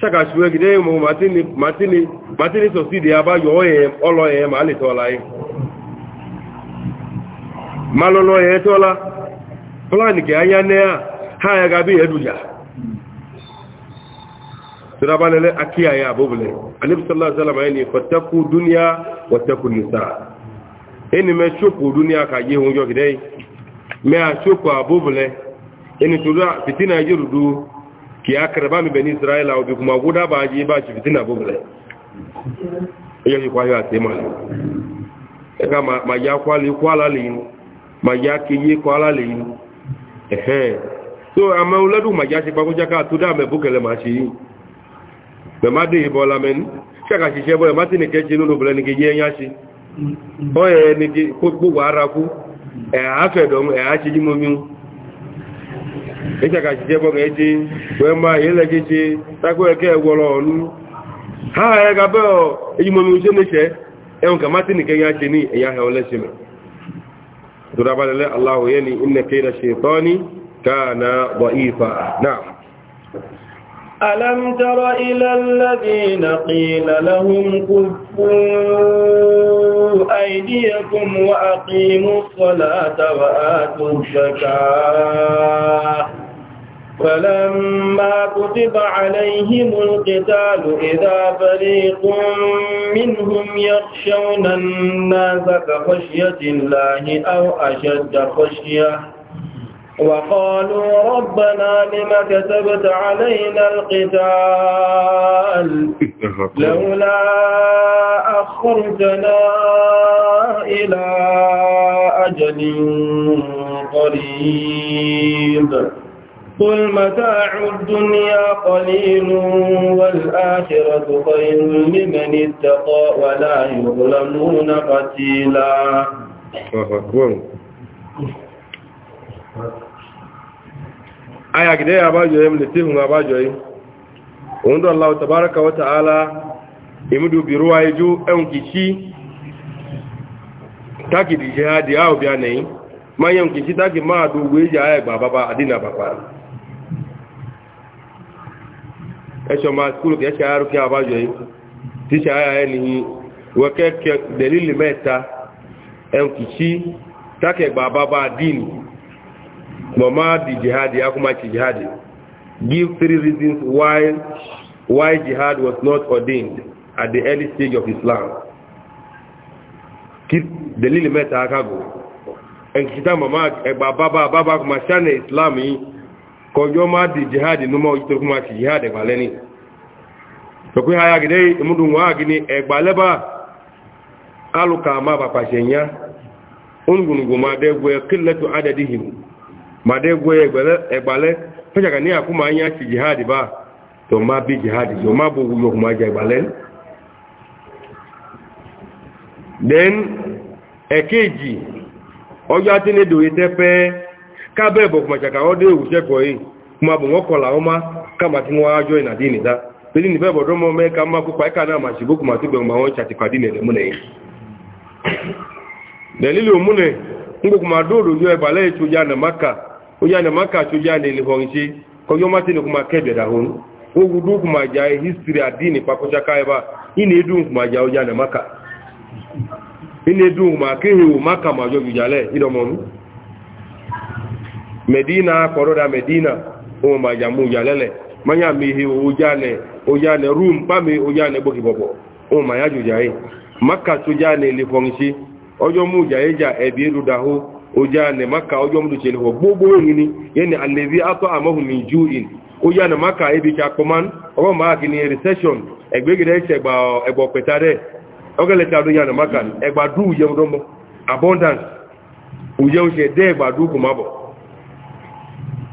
S1: ṣaka ṣùgbọ́n gidẹ mọ̀ martini sọ̀sídì ya ọlọ́ ẹ̀ ma lè ma lọ́lọ́ ẹ̀ e tọ́la pláàni kẹ anya náà ha ya gabi ẹ̀dùjá tọ́lábánilẹ́ akíyàyà àbúbulẹ̀ alẹ́bùsọ́lọ́sọ́lọ́mà ẹni fọ́tẹ́kù dúníà wọ́tẹ́kù nìsà ka ki akaraba mi bani israel awo bi kuma guda ba ji ba ci fitina bo bele yo ni kwayo ate ma e ka ma ma ya kwali kwala le yin ma ya ki ye kwala le yin ehe so ama uladu ma ya se pa ko jaka to da me bukele ma si be ma de bo la men saka si se bo ma ti ni ke jinu no bele ni ke ye ya si o e ni ki ko gbo wa ara ku e a eh, fe do e eh, a si ji mo mi ịchaka chiche gbọga eji wee maa ya elekichi takwa eke gwọrọ ọnụ ha ya gaba ejimomi uche neche ẹwọn e ka mati nike ya ce ni ya ha olese me durabalele allahu ya ni inna kai da shetani ka na ba'ifa
S2: na ألم تر إلى الذين قيل لهم كفوا أيديكم وأقيموا الصلاة وآتوا الزكاة فلما كتب عليهم القتال إذا فريق منهم يخشون الناس كخشية الله أو أشد خشية وقالوا ربنا لما كتبت علينا القتال
S3: لولا
S2: أخرتنا إلى أجل قريب قل متاع الدنيا قليل والآخرة خير لمن اتقى ولا يظلمون قتيلا
S1: aya gida ya bajo yam litifin ma bajo yi wanda Allah tabaraka wa ta'ala imudu bi ruwaiju en kici taki di jihadi aw bi anayi mayan kici taki ma du weja aya baba adina baba ẹ̀ṣọ́ máa skúlù kẹ́ṣẹ́ àárú kí àbájọ yìí tí ṣe àyà ẹni wọ́kẹ́kẹ́ dẹ̀lílì mẹ́ta ẹnkìṣí tákẹ̀gbà bàbá dìní mọ̀má di jihadi akúmàṣì jihadi give three reasons why why jihad was not ordained at the early stage of islam kí dẹ̀lílì mẹ́ta akágò ẹnkìṣí tá mọ̀má ẹgbà bàbá bàbá akúmàṣánà islam yìí kọjọ́ máa di jihadi númọ̀ ìtòkú máa ti jihadi ẹgbàlẹ́ ní tọ́kú ya gidẹ́ ìmúdùn wọ́n àgí ní ẹgbàlẹ́bà alùkà máa bà pàṣẹ yá oúnjùnùgùn máa dẹ́gbẹ́ ma adẹ́dìhìn máa dẹ́gbẹ́ ẹgbàlẹ́ fẹ́jàkà ní àkú máa yá ti jihadi bá tọ́ máa bí jihadi yọ ma bò wúyọ máa jẹ ẹgbàlẹ́ then ẹ̀kejì ọjọ́ àtẹ́lẹ́dọ̀ yìí tẹ́pẹ́ kábẹ́ ìbọ̀ kùmàṣàkà ọdẹ òwúṣẹ́kọ̀ọ́ yìí kuma bọ̀ wọ́n kọ̀lá ọmá kàmà tí wọ́n ájọ́ ìnàdí ìnìdá pẹ̀lú ìnìfẹ́ bọ̀dọ́ mọ́ mẹ́ka má kópa ẹ̀ka náà mà ṣìbó kùmà tó gbẹ̀mọ̀ àwọn ṣàtìpàdé nẹ̀lẹ̀ múnẹ̀ yìí dẹ̀lílì òmúnẹ̀ ń gbogbo máa dóòdò yọ ẹ̀bàlẹ̀ ìtòjá nàmáka òjá nàmáka tójá nẹ̀lẹ̀ họ̀nṣe kọjọ́ má tẹ̀lé kùmà kẹ́bẹ̀dà hón ó wudú kùmà jà hísírì àdínì pakọ́ṣáká ẹ̀bà ìnì medina kɔrɔda medina ohun ma jamu jalɛlɛ manya mihi ojanɛ ojanɛ rum kpami ojanɛ gboki bɔbɔ ohun ma ya maka sojanɛ lifɔnsi ɔjɔ mu ja ɛbi edu daho maka ɔjɔ mu gbogbo yinni yɛni alevi atɔ amahu in maka ebi tsa kpɔman ɔbɔ maa kini recession ɛgbɛgidɛ ɛsɛ maka ɛgba du abundance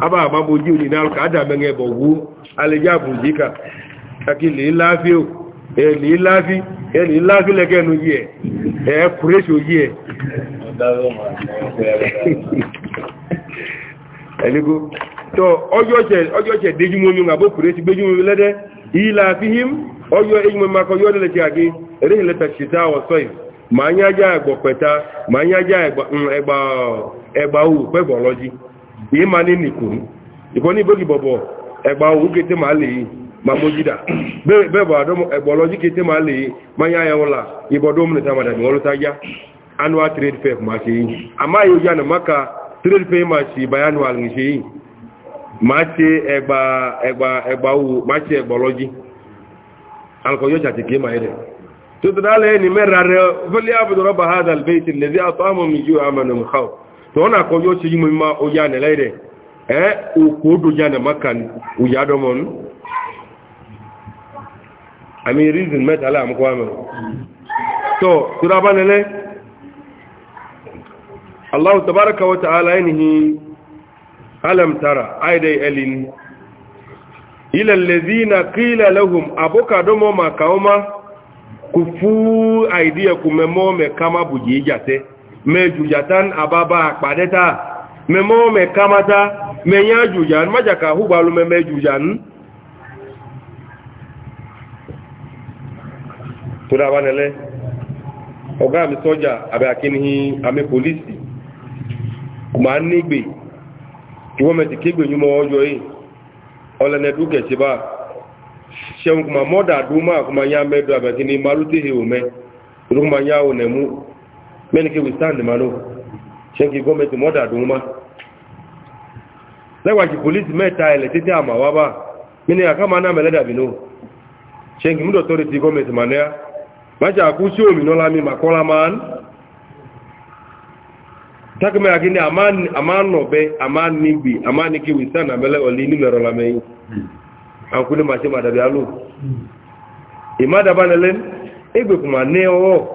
S1: aba agbagbo ji onye n'alụ ka ada meghe bụ gwuo alija bụ ji ka kaki lilafi elilafi elilafi leke nu ji e kuresi oji e eligo to ọjọ́ ṣe déjúmọ́mí nga bó kuresi gbéjúmọ́mí lẹ́dẹ́ ilafihim ọjọ́ ejúmọ́mí yọ́ nílẹ̀ yìí ma ń yájá ẹgbọ̀ ma yìí máa ní nìkún ìbọn ní bókì bọ̀bọ̀ ẹgbà owó kété máa lè yìí máa mójídà bẹ́ẹ̀ bọ̀ àdọ́mọ ẹgbọ̀ lọ́jí kété máa lè yìí máa yá ẹ̀wọ̀n la ìbọ̀dọ́ mú nìta màdàmí wọn ló tá yá annual trade fair máa ṣe yìí àmá yóò yá nà máka trade fair máa ṣe ìbáyá annual ń ṣe yìí máa ṣe ẹgbà ẹgbà ẹgbà owó máa ṣe ẹgbọ̀ lọ́jí alkọ̀yọ́ ṣàtìkì máa yẹ تدل عليه ان مر فليعبد رب هذا البيت الذي اطعمهم من جوع وامنهم من خوف to na ko yo ci mu ma o ya ne leide eh o ko do ya ne makan o ya do mon ami reason met ala am ko am
S3: to sura banale
S1: Allah tabaraka wa ta'ala yanihi alam tara aidai elin ilallazina qila lahum abuka domo makauma kufu aidiya kumemome kama bujijate me jujatan ababa kpadeta me mo me kamata me nya jujan majaka hubalu me me jujan tura banele ọgá mi abe àbẹ̀ àkíní àmì polisi ma ń nígbè tí wọ́n mẹ́tì kégbè ní mọ́ ọjọ́ yìí ọlẹ́nẹ̀dú duma, bá ṣẹun kùmà mọ́dà dúmà kùmà yá mẹ́dọ̀ àbẹ̀kíní marútèhè òmẹ́ olùkùmà yá ònẹ̀mú mẹ́ni kí withstand ma ló ṣe kí gọ́ọ̀mẹ́tì mọ́dà dùn ma lẹ́wàjì polisi mẹ́ta ilẹ̀ títí àmà wá bá mẹ́ni àká ma náà mẹ́lẹ́dà bínú ṣe kí múdọ̀ tọ́rẹ ti gọ́ọ̀mẹ́tì ma náà máṣe àkú sí òmìnà lámì mà kọ́lá ma ń takimẹ́ akíní àmánọ̀bẹ́ àmánigbì àmánikí withstand àmẹ́lẹ́
S3: ọ̀lẹ́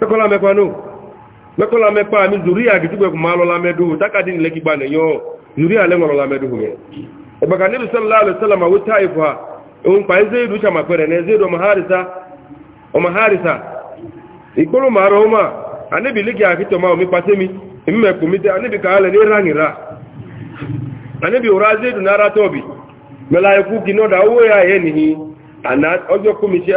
S1: mẹ́kọ́lá mẹ́pa náà mẹ́kọ́lá mẹ́pa ní zùrí àgìtúgbẹ̀kù máa lọ́la mẹ́dù tákàdí ní lẹ́gbà nìyọ́ zùrí àlẹ́wọ̀n lọ́la mẹ́dù rẹ̀ ọgbàkà nílù sẹ́lẹ̀láàlẹ́sẹ́lẹ̀mà wó táìfù ha òun pàí zéèdù sàmàpẹ̀rẹ̀ ní zéèdù ọmọ harisa ìgbóló màá rọ ọmọ anábì lẹ́gì àkítọ̀ máa omi pàṣẹ mi èmi mẹ́kù mi tẹ́ anábì kàálẹ̀ ní ránìrà anábì òrà zéèdù náà rátọ̀bì mẹ́lá ikú kì náà dá owó yà yẹ́ nìyí àná ọjọ́ kú mi ṣe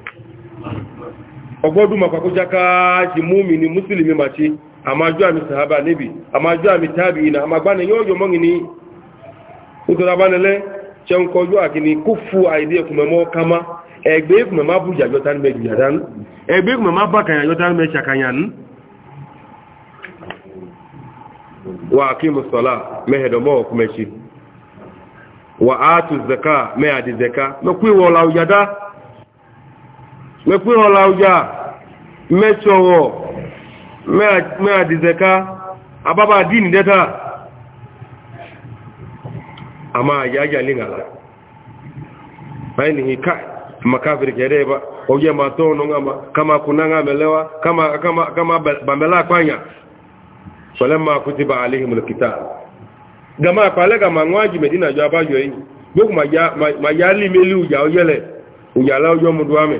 S1: ọgbọ́dún makwaku jaka ti múmi ni musulmi mace a ma ju àmì sahaba níbi a ma ju àmì tàbí ina a ma gbá yóò yọ mọ́gini ìtọ́lábánilẹ́ ṣe kọjú àkíní kú fú àìdí ẹkùnmọ̀mọ́ kama ẹgbẹ́ ìkùnmọ̀má bú ìjà yọta níbẹ̀ jù yàdánú ẹgbẹ́ ìkùnmọ̀má bá kàyà yọta níbẹ̀ ṣàkàyànú wa akimu sọlá mekpe ọla ụja mechọwọ meadizeka ababa din deta ama yaya yaja lingala ainihi kai makafiri kere ba oye ma to no ngama kama kuna ngamelewa kama kama kama bamela kwanya falamma kutiba alaihim alkitab gama pale gama ngwaji medina jo abajo yi gbo ma ya ma ya limeli uja oyele uja la ojo mudu ame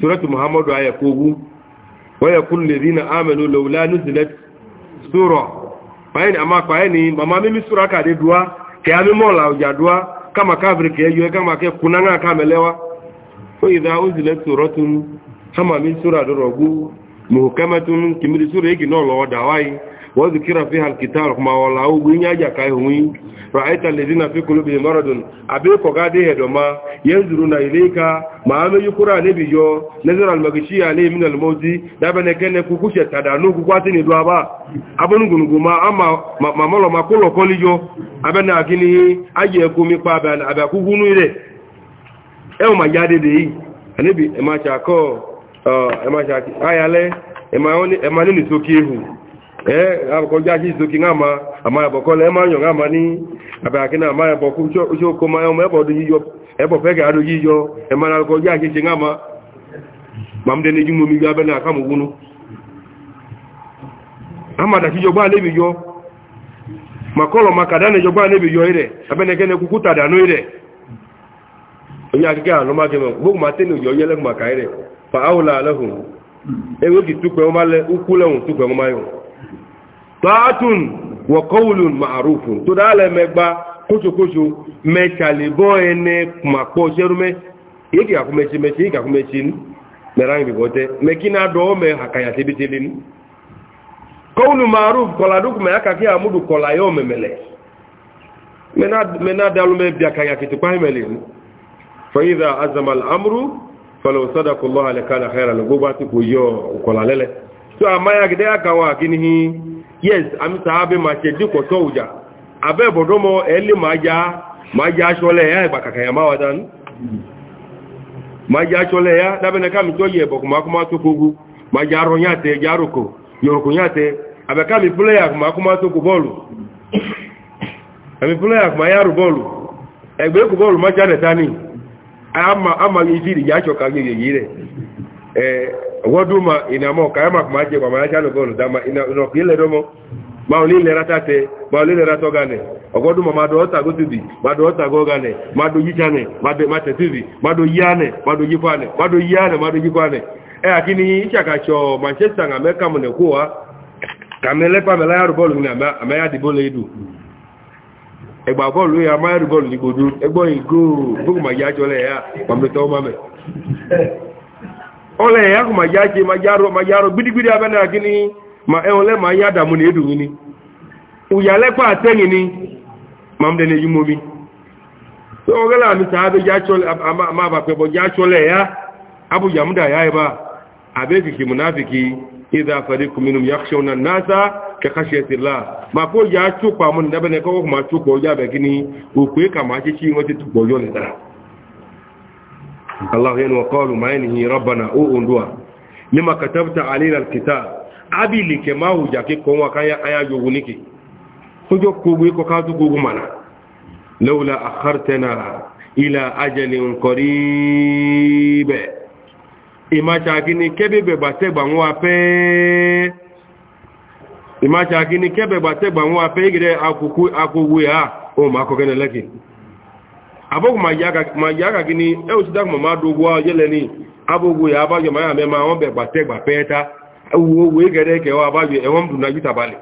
S1: suratu muhammadu aya kogu waya kulle zina amanu laula nuzilet sura bayan amma bayani mama mimi sura ka de duwa ke ami mola uja duwa kama kafir ke yoy kama ke kunanga kamelewa ko idha unzilat suratun kama min sura dorogu muhkamatun kimri sura yigi no lo dawai o t keo a a ala nye a i aka h onwe klee maan ab koga adịghị edoma ezuru na ileka maa ekwura a na ebi o n e ma chi a ala eme n lmi da aban eke n ekwowucheta a n uwa tine goo lo kpaakul a e sokeehu ee akọjọ aja izoki nga ama ama ebọkọ na ema nga ama ni abaki na ama ebọkọ uche oko ma ọmọ ẹbọ do yíyọ ẹbọ fẹ gà do yíyọ ẹma na akọjọ ama ma m dẹni jumomi yọ abẹ na aka mu wunu ama dàkí jọgbọ anébi yọ ma kọlọ ma kàdá na jọgbọ anébi yọ rẹ abẹ na kẹne kuku tàdà nù rẹ onye akẹkẹ alọmọ akẹmọ gbogbo ma tẹnu yọ yẹlẹ kuma kàí rẹ fa awọ la alẹ hùn ewé kì tukpẹ wọn ma lẹ ukú lẹhùn tukpẹ tọ́tún wọ̀kọ́wùlùn màrúfù tó dáálẹ̀ mẹ́gbá kóṣokóṣo mẹ́tàlébọ́ ẹni pàpọ̀ ṣẹ́rúmẹ́ yíkì àkúmẹ́ṣẹ́mẹ́ṣẹ́ yíkì àkúmẹ́ṣẹ́ mẹ́ráyìn bìbọ́tẹ́ mẹ́kínà dọ́ọ́ mẹ́ àkàyà tẹ́bítẹ́lẹ́ ní kọ́wùlù màrúfù kọ̀làdúkùmẹ́ akàkí àmúdù kọ̀làyọ́ mẹ́mẹ́lẹ̀ mẹ́nà dálúmẹ́ bí àkàyà kìtìpáyìmẹ́lẹ́ yes ami sahabe ma se diko to uja abe ma eli ma maja shole ya ba kaka ya ma maja shole ya dabe na kami to ye bokuma ma to kogu maja ronya te jaroko yoroko nya te abe kami player kuma kuma to ko bolu ami player kuma ya ru bolu egbe ko bolu maja ne tani ama ama yidi ya choka yeye re eh waduma ina mo kaya mak maje ba mala jalo gol dama ina no kile domo ma oni ma oni le rato gane ogoduma ma do ota go tibi ma do ota go gane ma do yichane ma de mate tibi ma do yane ma do yipane ma do yane ma do yipane eh akini ichaka cho manchester nga meka mune kuwa kamele pa mela yaro bolu na ma ma ya di bolu idu e, ya ma yaro bolu ni godu egbo igo bugu ma ya jole ya ole ya ma ya ji ma yaro ma gbidi gbidigbidi abana gini ma eole ma ya damu na edu ni uyale kwa atengi ni ma dị na yumomi so ogala mi ta be ya chole ma ba pe bo ya chole ya abu ya muda ya ba abe ki munafiki idha fariqu ya yakhshawna na nasa ka khashyati la ma ko ya chupa mun da na ko Ma chupo ya be gini ukwe kama ka chi achịcha tupo yo ne dara Allah yanu wa qalu ma yanhi rabbana o ondua lima katabta alayna alkitab abili kema hujake ko wa kaya aya joguniki kujo kugu ko ka tu kugu mana laula akhartana ila ajalin qarib imacha kini kebebe bategba nwa pe imacha kini kebebe bategba nwa pe gire akuku akugu ya ma ko abụghị ma ji aka gị ni ewetụta ma mmadụ ụgwọ jeleni abụghị ya abajọ ma ya ame ma ọ bịa gbate gbapeta e uwe ogwe gere ekewa abajọ enwe mdụ na jitabalị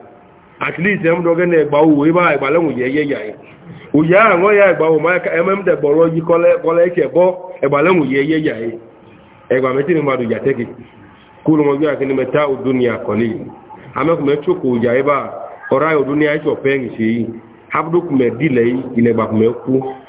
S1: atlit mdụ oge na-egba uwe ebe a gbale nwụ yeye ya uye ahụ ṅụọ ya egbanwe ma aka emem mde gbọrọ ji kọla eke bọ egbale nwụ yeye ya egba metiri mmadụ jate gị kwuru nwe gị na n'ime taa udunia kọli amekwu mechụkwu ya ebe a kọrọ ya udunia ịchọ pee ngichi iyi ha bụrụ kume dile ile gbapụmekwu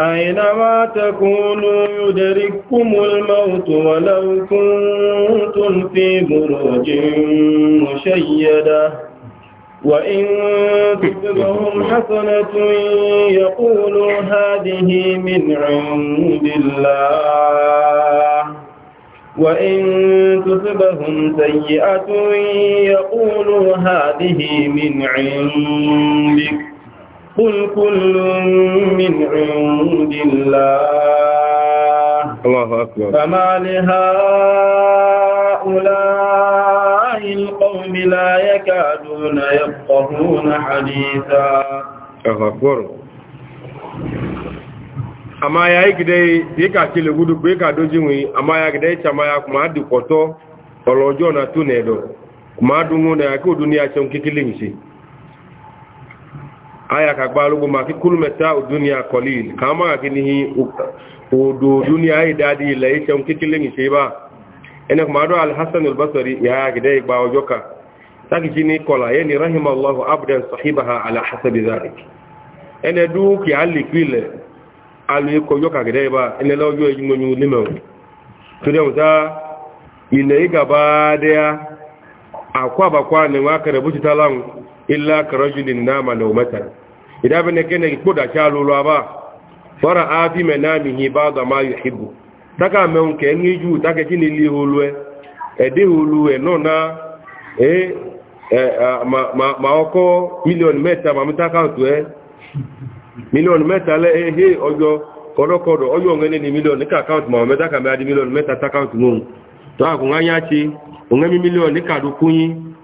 S2: أينما تكونوا يدرككم الموت ولو كنتم في بروج مشيدة وإن تتبهم حسنة يقولوا هذه من عند الله وإن تصبهم سيئة يقولوا هذه من عندك قل كل من عند الله
S3: الله أكبر فما
S2: لهؤلاء القوم لا يكادون يفقهون حديثا
S1: الله أكبر ama ya igide yeka kile gudu pe ka doji wi ama ya gide ma ya kuma di koto olojo na tunedo kuma dungu na ko dunia chon kikili aya ka gba lugu ma ki kul mata dunya qalil kama ki ni o do dunya ai dadi la yi tan kikile ni sai ba ene kuma do al hasan al basri ya ki dai gba ojo ka taki jini kola yani rahimallahu abdan sahibaha ala hasabi zalik ene du ki ali kile alu ko yo ka dai ba ene lo yo yi ngonyu limo to dem za ile gaba daya akwa bakwa ne wa ka rubuta talan illa ka rajulin nama naumatan idan bane kene ko da cha lolo aba fara afi manamihi ba'da ma yuhibbu taka meun ke ngiju taka kini li holwe ede holwe na e, e ma ma ma oko million meta ma mutaka to e million meta le e he ojo kodokodo ojo ngene ni million ka account ma meta ka ma di million meta ta account ngun to akun anya chi ungemi million ni kadu kunyin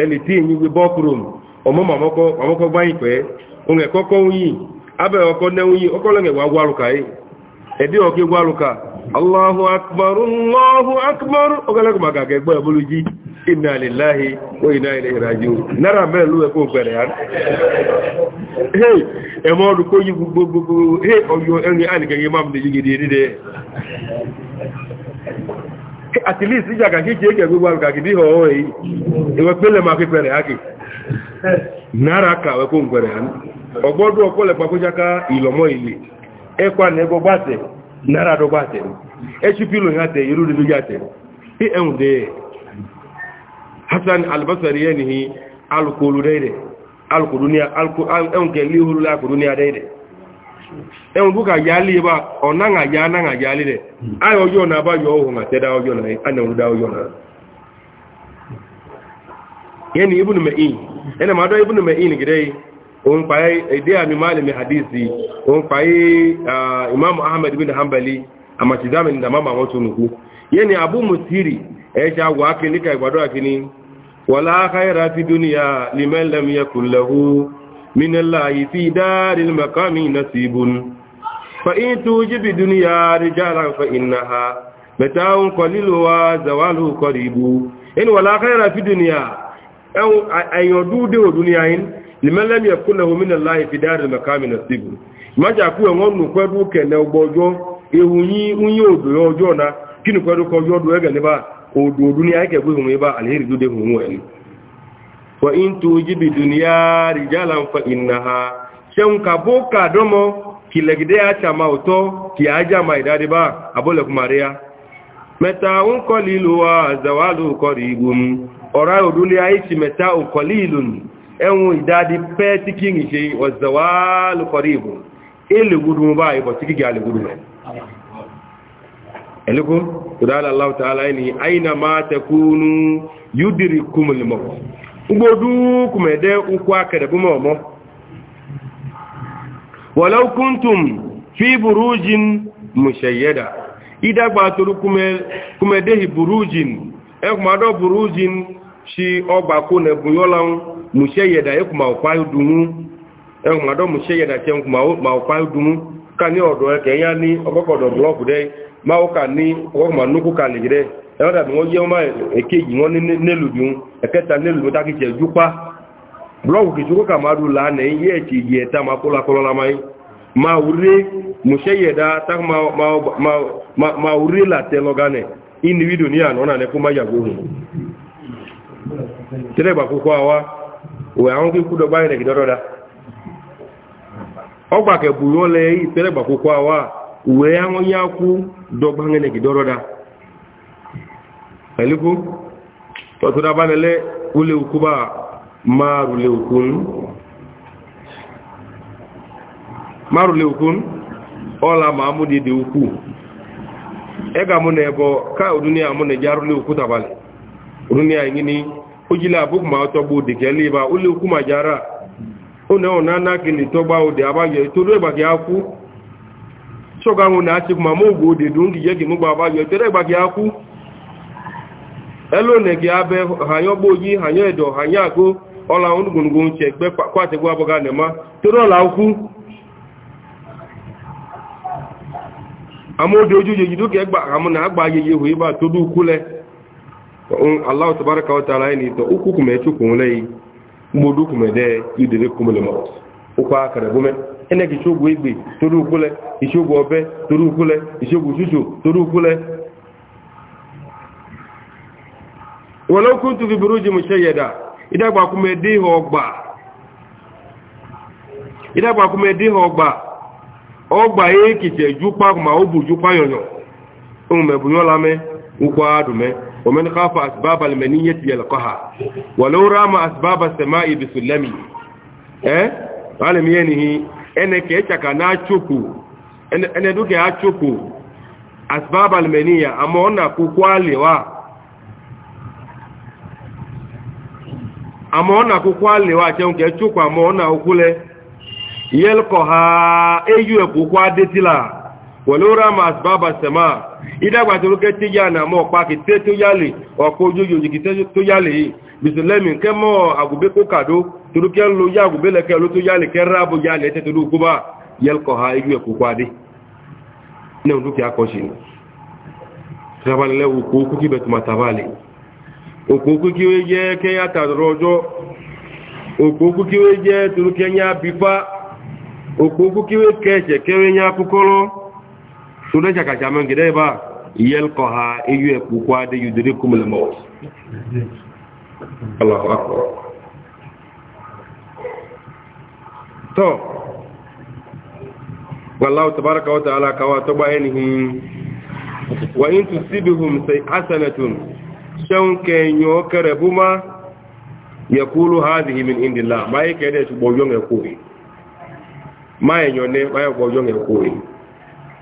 S1: ẹni tí èyí wí bọ́ọ̀kùrùm ọmọ mọ̀mọ́kọ́ gbáyìn pẹ́ ohun ẹ̀kọ́ kọ́ ń yìí abẹ́ ọkọ́ náà ń yìí ọkọ́ lẹ́yìn wà gbárùkà yìí ẹ̀dí ọkẹ́ gbárùkà allahu akbar allahu akbar ọgọ́lẹ́kùn màgàgẹ́ gbọ́ iná àlèláhì wọ́n iná ilẹ̀ ìrajú nára bẹ́ẹ̀ yá ẹ̀mọ́ ọdún kó yí gbogbogbò ọyọ àlìkẹ́yẹ máa mú at least ija ka kike ege gbogbo ka gidi ho o yi ewe pele ma pepere aki nara ka we ko ngwere an ogbodu okole pa koja ka ilomo ile e kwa ne go gbate nara do gbate e chi pilo ya te iru du jate ti en de hasan al-basri yanhi al dayde al en ke ẹ̀hùn búkà yálé bá ọ̀nà àyà náà yálé rẹ̀ ayọ̀ ọjọ́ náà bá yọ ohun àtẹ́dá ọjọ́ náà anàwọn dá ọjọ́ náà yẹn ni ibùnú mẹ́ìn ẹnà máa dọ́ ibùnú mẹ́ìn gẹ́rẹ́ òun pàáyé èdè àmì máàlìmì hadisi òun pàáyé imamu ahmed bin hanbali àmàtìdámi ní dàmà àwọn tó nùkú yẹn ni abu musiri ẹ̀ṣẹ́ àwọ̀ akíníkà ìgbàdọ́ akíní wọ́lá káyẹ̀rá fi dúnìyà lìmẹ́lẹ́mìyàkùnlẹ̀hú من الله في دار المقام نصيب فإن توجب دنيا رجالا فإنها متاع قليل وزواله قريب إن ولا خير في دنيا أو أن يدود دنيا لمن لم يكن له من الله في دار المقام نصيب ما جاكو يوم نقدو كنا بوجو ehunyi unyi odo ojo na kinu kwedu ko yodo ega ne ba odo dunia ke bu mu ba alheri dude mu mu en wa in tujibi duniya rijalan fa innaha shan ka boka domo kilegide ya chama oto ki aja mai dadi ba abole kumaria meta un qalilu wa zawalu qaribun ora odulia ichi meta un qalilun enun idadi pe tikin ise wa zawalu qaribun ele gudu ba ibo tikigi ale gudu me eliku kudala allah ta'ala ni aina ma takunu yudrikumul maut mgbodukumede ụkwụ akedebumọmọ walau kuntum fi burujin mushayyada idagba toru kumedehi burujin ekumado burujin si ọgbako buru ebuyolan mushayyada ekuma ọkwa idunwu ekumado mushayyada ti ekuma ọkwa idunwu ka ni ọdọ ẹkẹ ya ni ọgbọkọdọ blọọkụ dẹ ma ụka ni ọgbọkọdọ nnukwu ka lè dẹ ẹ̀rọ dàbí wọ́n yẹ́ ọmọ èkejì wọn nílùú ẹ̀kẹta nílùú tá kí jẹ́ júpá blọọkù kìí ṣokó kàmàdù lánà yẹ́ ẹ̀kì yẹ tá ma kó lakọ́lọ́ lámá yìí ma wúrí mùṣẹ́ yẹ̀dá ma wúrí làtẹ́ lọ́gánẹ̀ individu ní àná ọ̀nà ẹ̀kú má yàgò hù kókó àwa òwe àwọn ẹ̀lúkú tọ́tù dábánilẹ́ ulé òkú bá márùlé òkún ọlá máa mú dédé òkú ẹgà mú na ẹbọ káà òdúnní àmúnà járúlé òkú tàbálẹ̀ òdúnní àyíní ni ó jílẹ̀ àbúkù máa tọ́gbó dìkẹ́ lé bá ulé òkú máa jára ó náà ọ̀nà anákìlì tọ́gbá òdè abáyẹ tó ló ìgbàkì á kú ṣọ́gbà wọn náà ti kùmà mọ́ ògbò òdè dùn kìí jẹ́ kìí mú gbà abáyẹ tó ìgbàkì á elu na gị abe hanya ọgba oyi hanya edo hanya agụ ọla onugbonugo nche egbe kwategwu abụghị a ọla ukwu amóde ojú yìí tó kẹ́ gbà àmú náà gbà yìí yìí bá tó dú kú lẹ́ aláwọ̀ tàbárakà ọ̀tà aláìní ito ukú kùmẹ̀ tí kùn lẹ́yìn gbogbo kùmẹ̀dẹ́ ìdèrè kùmẹ̀lẹ̀ mọ̀ ukú akẹrẹ gúnmẹ́ ẹnẹ́kì ṣógun égbè tó dú kú tó dú wọ̀lọ́ kún tó fi burú jì mú ṣe yẹ̀dà ìdàgbàkúnmẹ́ díhọ ọgbà ọgbà yìí kìtẹ̀ júpá ma ó bù júpá yọ̀nyọ̀ ohun mẹ̀bùnyọ́ lámẹ́ ugbọ́ adùmẹ́ ومن خاف أسباب المنية يلقها ولو رام أسباب السماء بسلم eh wale miyeni hi ene ke chaka na chuku ene duke a chuku asbab amma ona kukwalewa àmọ́ ọ̀nà àkókò àlèwà àṣẹun kẹ́ tókò àmọ́ ọ̀nà òkú lẹ yẹ́lkọ̀ ha eyu ẹ̀kókò adétílà pẹ̀lú ramas baba sema ìdàgbàtòrókẹ́ tí yà nà mọ́ ọ̀pá kìtẹ́ tó yálè ọ̀pọ̀ ojójòjì kìtẹ́ tó yálè yìí bìsìlẹ́mì kẹ́mọ́ àgùbé kó kàdó torókẹ́ ń lo yá àgùbé lẹ́kẹ́ ló tó yálè kẹ́ ráàbò yálè ẹ̀tẹ́ tó lóko bá yẹ́lkọ̀ ha eyu ẹ̀kókò adé ní ọdún kí a kọ́ sí ni òkòókú kí ó jẹ́ kẹ́yà tàdọ̀rọ̀ ọjọ́ òkòókú kí ó jẹ́ tòrò kẹ́yà bífá òkòókú kí ó kẹ́ẹ̀ṣẹ̀ kẹ́rẹ́yà kúkọ́rọ́ tó rẹ̀ ṣàkàṣà mẹ́gẹ̀dẹ́ bá ìyẹ́lkọ̀ ha eyú ẹ̀kùkú adé yùdúrí kúmùlẹ̀mọ́ tọ́ wàláwù tàbárakà wọ́ta alákàwà tọ́gbà ẹnìyàn wà ní tùsíbìhùn hasanatun shan kenyo kare buma ya kulu hadhihi min indillah ma yake da shi bojon ya koyi ma yanyo ne ma ya bojon ya koyi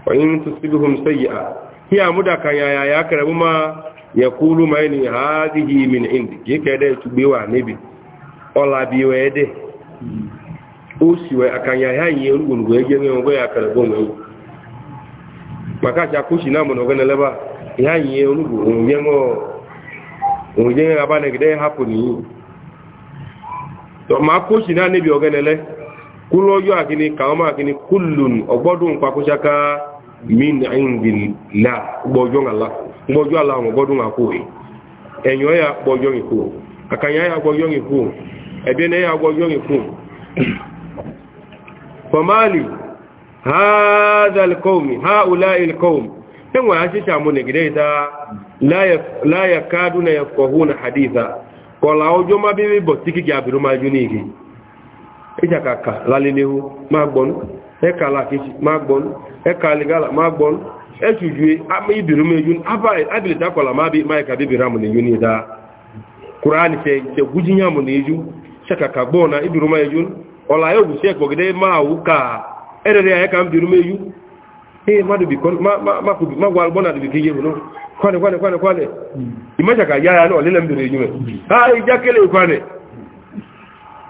S1: wa in tusibhum sayi'a hiya muda kan ya ya kare buma ya kulu ma ni hadhihi min indi yake da shi biwa ne bi ola biwe de o siwe akan ya ya yi rugungu yake ne ngo ya kare buma maka sha kushi na mun ga na leba ya yi rugungu yango òun jẹ́ abánẹ̀gẹ́dẹ́ hapò nìyí tọ́ máa kóṣì náà níbi ọ̀gẹ́nẹ̀lẹ́ kúrò ọjọ́ àkíní kàwọn máa kíní kúlùn ọgbọ́dún pakúṣáká min indila gbọ́jọ́ àlá gbọ́jọ́ àlá àwọn ọgbọ́dún àkó ẹ̀yàn ẹ̀yà gbọ́jọ́ ìkó àkànyà ẹ̀yà gbọ́jọ́ ìkó ẹ̀bẹ́n ẹ̀yà gbọ́jọ́ ìkó fọmáàlì e nwere achịcha mụ negide taa la ya kadu na yafkohu na haditha kọla ọjọ ma bebe bọtiki gị abịrụ ma ju n'igi ịja ka ka lalilehu ma gbọn ẹka lakichi ma gbọn ẹka ligala ma gbọn ẹchujue ama ibiru ma ju abilita kọla ma bi maịka bibiri amụ na ju n'ihi taa kurani se se guji ya mụ na ju chaka ka gbọn na ibiru ma ju ọla ya ogwusi ekpogide ma awụ ka erere ya ka m biru ma ju hey madu bi kwanu, ma ma ma ko ma wal bi ke kwane kwane kwane kwane hmm. imaja ka yaya no lele mbere yume hmm. ha ijakele e kwane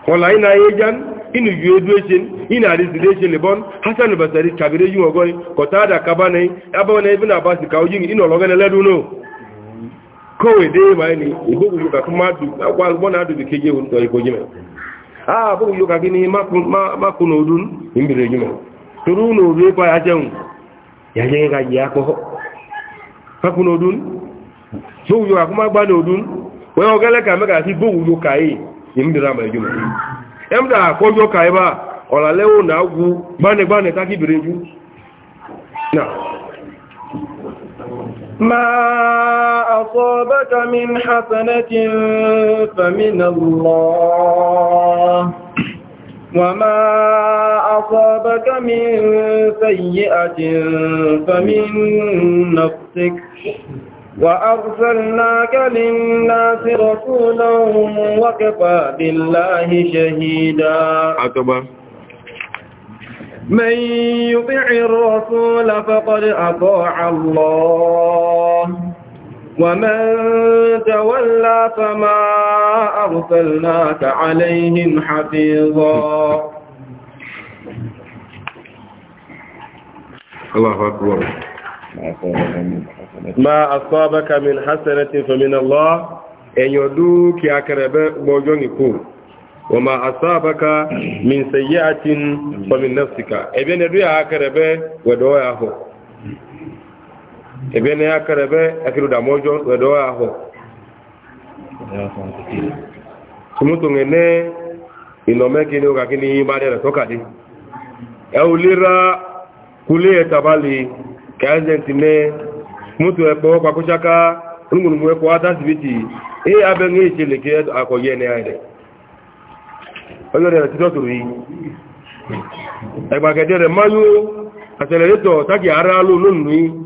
S1: kola ina yejan inu graduation ina residential lebon hasan basari kabire yu ogoni kotada kabane abone ibn abbas ka ojin ino logene leduno kowe de bayni ibugu ka madu wal bona du bi ke yewu to iko jime ka kini ma ma ma no yàjẹ́ ká yìí akọ́ fẹ́kùn odún bóòwù yóò àkúmá gbá ní odún wọ́n yóò gẹ́lẹ́ kà mẹ́kà sí bóòwù yóò kàáyé ìmúdìrà mọ̀ ẹjọ́ àkọ́jọ́ bá ọ̀làlẹ́wò
S2: وَمَا أصابك من سيئة فمن نفسك وأرسلناك للناس رسولا وكفى بالله شَهِيدًا أكبر مَنْ يطع الرَّسُولَ فَقَدْ أطاع الله ومن تولى فما أرسلناك عليهم حفيظا
S3: الله أكبر
S1: ما أصابك من حسنة فمن الله أن يدوك أكرب بوجونكم وما أصابك من سيئة فمن نفسك أبين يدوك أكرب ودواه ebe ne ya kare be akiru da mojo wedo aho tumutu ngene inome kini oka kini ibade re tokade e ulira kule tabali kazenti ne mutu e po kwa kushaka ngunu mu e po ata sibiti e abengi chileke akoye ne aide oyore re tito turu yi egbagede re mayu accelerator taki ara lo lonu yi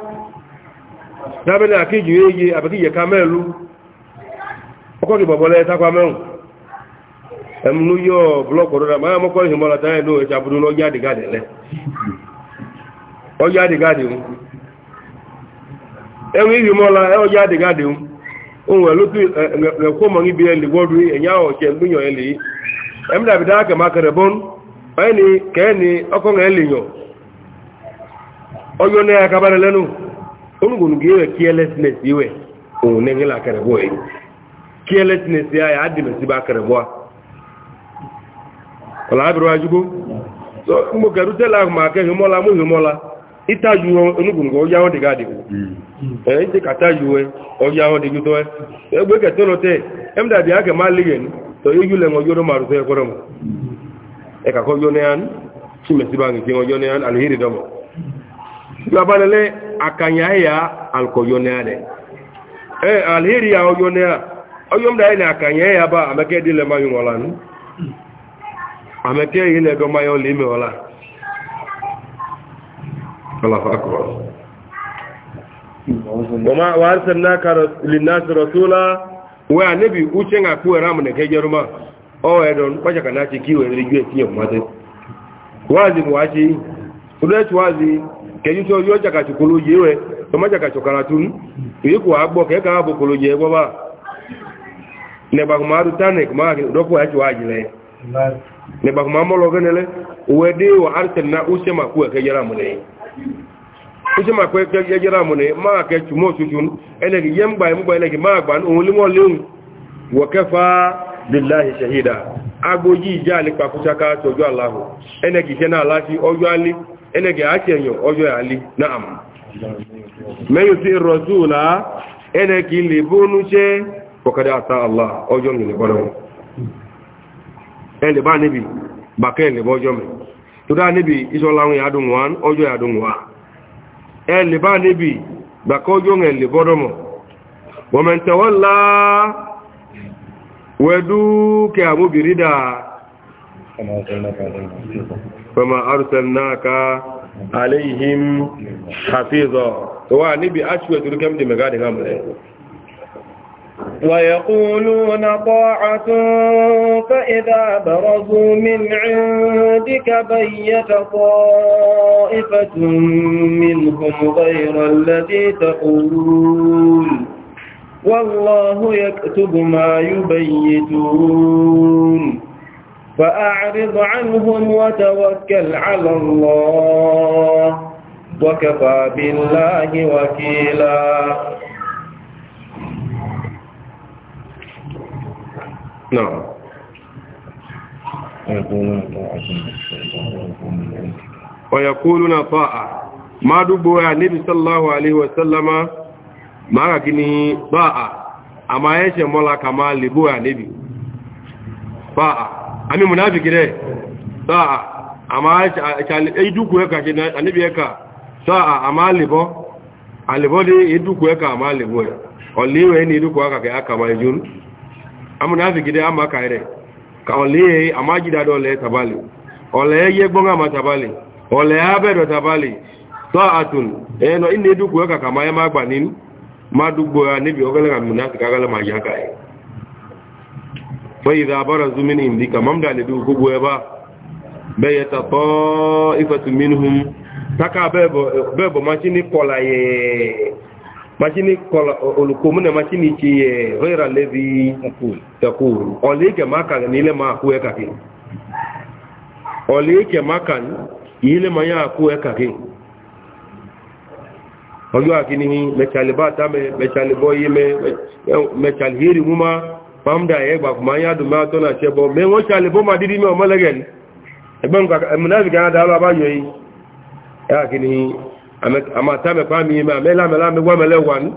S1: n'abẹ́ni àkéjì eye àbẹ̀kí yẹ̀ká mẹ́lú ọkọ̀ kì bọ̀bọ̀ lẹ́yẹ tápa mẹ́rùn ẹ̀mú yọ búlọ́kù rọ́dà máa mọ́kọ́ ìhìnmọ́lá táyẹ̀ náà ẹ̀ṣà búdú lọ́jọ́ àdìgáàdì lẹ́ ọjọ́ àdìgáàdì ń ẹ̀mú ìhìnmọ́lá ọjọ́ àdìgáàdì ń ohun ẹ̀ lótú ẹ̀kọ́ mọ́ níbi ẹ̀ lèwọ́dù ẹ̀yà ọ̀ṣẹ̀ gbìyàn ẹ̀ lè ẹ̀mú dàbí dáàkẹ̀ máa kẹrẹ̀ bọ́n ẹni kẹ́ẹ̀ni ọkọ̀ ẹ̀ lè yàn ọjọ́ náà kabalẹ̀ lẹ́nu ngunu ga iwe carelessness iwe òun ní ńlá kẹrẹ̀bọ́ yìí carelessness ya yà á dìmẹ̀ sí bá kẹrẹ̀bọ́ a ọ̀làbìrò ajúgbó so mo kẹrù tẹ́lẹ̀ àmà kẹhìn mọ́la mú hìn mọ́la ìtajù onúgbùn kò yáwó dìgá dìgò ẹ̀ ń ti kàtájù ẹ ọ̀yáwó dìgò tó ẹ ẹgbẹ́ kẹtọ́ lọ tẹ́ ẹm dàbí akẹ máa lè yẹn tọ yíyú labanale akanya ya alkoyonea de eh alheri ya oyonea oyom da ina akanya ya ba ameke dile mayu wala nu ameke ile do mayo lime wala Allahu akbar wama wa arsalnaka linnas rasula wa nabi uchenga kuwera mune kejeruma o oh, edon kwacha kana chikiwe lijwe kiyo mate wazi mwachi udetu wazi kẹjú tó yọ jàkàtù kolo yé wẹ tọmọ jàkàtù karatu nù èyí kò wá gbọ kẹkà ààbò kolo yẹ gbọ bá nẹgbàkùnmá tánẹ kùmá dọkọ ẹ ti wá jìlẹ nẹgbàkùnmá mọlọ gẹnẹlẹ òwe dé wà arìsẹ ná ó sẹ màkú ẹkẹ yẹra mọlẹ ó sẹ màkú ẹkẹ yẹra mọlẹ máa kẹ tùmọ náà láti ọjọ alẹ enege akenyo ojo ali naam meyo ti rasula eneki libunu che kokada ata allah ojo ngile bono ele ba nibi ba ke ele bojo me nibi iso lawun ya dun wan ojo ya dun wa e nibi ba ko ojo bodo mo wa man tawalla ke فما أرسلناك عليهم حفيظا نبي أشوى تركم دي مقاد غامل إيه؟
S2: ويقولون طاعة فإذا برزوا من عندك بيت طائفة منهم غير الذي تقول والله يكتب ما يبيتون فأعرض عنهم وتوكل على الله وكفى بالله وكيلا
S3: نعم
S1: ويقولون طاعة ما دبوا يا النبي صلى الله عليه وسلم ما كني طاعة أما يشمل كما لبوا يا النبي طاعة ami munafiki dai sa'a amma ai duku ya kashe na annabi ya ka sa'a amma libo alibo dai ya duku ya ka amma libo ya olliwe ni duku aka kake aka mai jun amunafiki dai amma kai dai ka olliwe amma gida dole tabali ole ye gbonga ma tabali ole abedo tabali sa'atun eh no inni duku ya ka kama ya magba nin ma dugbo ya ni bi ogele ka munafiki agala ma ya kai فإذا برزوا من عندك ممدع لدو كبوة بيت طائفة منهم taka bẹ́ẹ̀bọ̀ machini kọla yẹ machini kọla olùkó múnẹ̀ machini ti yẹ rẹ́ra lẹ́bi ẹkùrù ọ̀lẹ́kẹ̀ máa kà ní ilẹ̀ máa kú ẹ kàkí ọ̀lẹ́kẹ̀ máa kà ní ilẹ̀ máa yá kú ẹ kàkí ọjọ́ àkíní mẹ́tàlẹ́bá támẹ́ mẹ́tàlẹ́bọ́ pamda ye eh, gba kuma ya du ma to na se bo me won chale bo ma didi me o molege ni egbe nka eh, munafi ga da lo abayo yi ya kini ama ta me pa mi ma me la me la me wa me le wa ni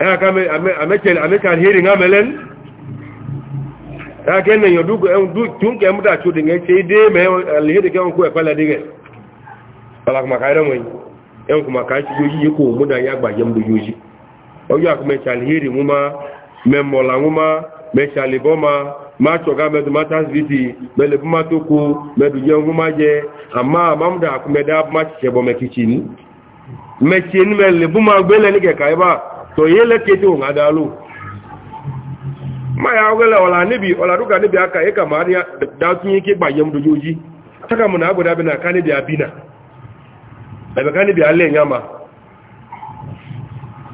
S1: ya ka me ame chele ame ka hiri nga melen ya ken yo du eh, du tun ke mu da chu de nge se de me le hiri ke on ku e pala de ge pala kuma ka re mo yi en kuma ka chi yo yi ko mu da ya gba je mu yo yi ojo akumechali hiri mu ma mɛmɔla ŋuma mɛsalibɔ ma ma tsɔga mɛdu ma tasibiti mɛlebu ma toko mɛdu nyɛ ŋuma jɛ ama mamuda akumɛ da ma tsitsɛ bɔ mɛ kitsini mɛtsini mɛlebu ma gbɛlɛ ni kɛkɛ yi ba tɔ ye lɛ kete o ŋa da lo ma ya wɛlɛ ɔla nebi ɔla do ka nebi aka eka ma adi da tunye ke gba yɛm do dzoji taka mu na agbɛda bena ka nebi abina ɛbɛ ka nebi alɛ nyama.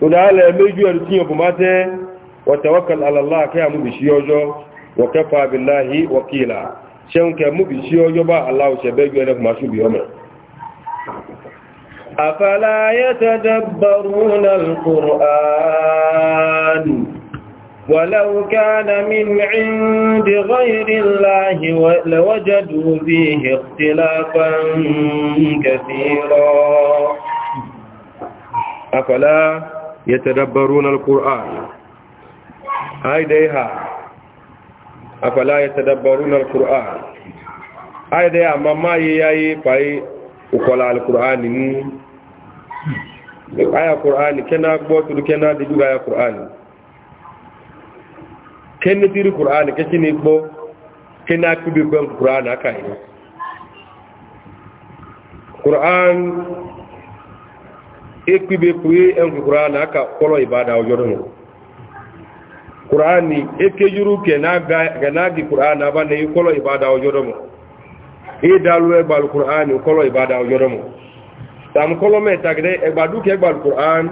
S1: udala meju artiyo bumate wa tawakkal ala allah ka mu bi shiyojo wa kafa billahi wakila shen ka mu bi shiyojo ba allah se beju ene kuma shu biyoma
S2: afala ولو كان من عند غير الله لوجدوا فيه اختلافا كثيرا
S1: أفلا يتدبرون القرآن هاي ديها أفلا يتدبرون القرآن هاي ديها مما يياي فاي وقال القرآن آية القرآن كنا أكبر كنا دجوغ آية القرآن كنا تيري القرآن كنا أكبر كنا أكبر القرآن أكاين القرآن ekpibe pụghị egwu kuran aka kpọrọ ibada kurani ekejuru ke na-agị kuran aba na ịkọrọ ibada ọjọrọ ịdalụ egbalụ kuran ibada ọjọrọ mụ tam kọrọ metagide egbadu ke kuran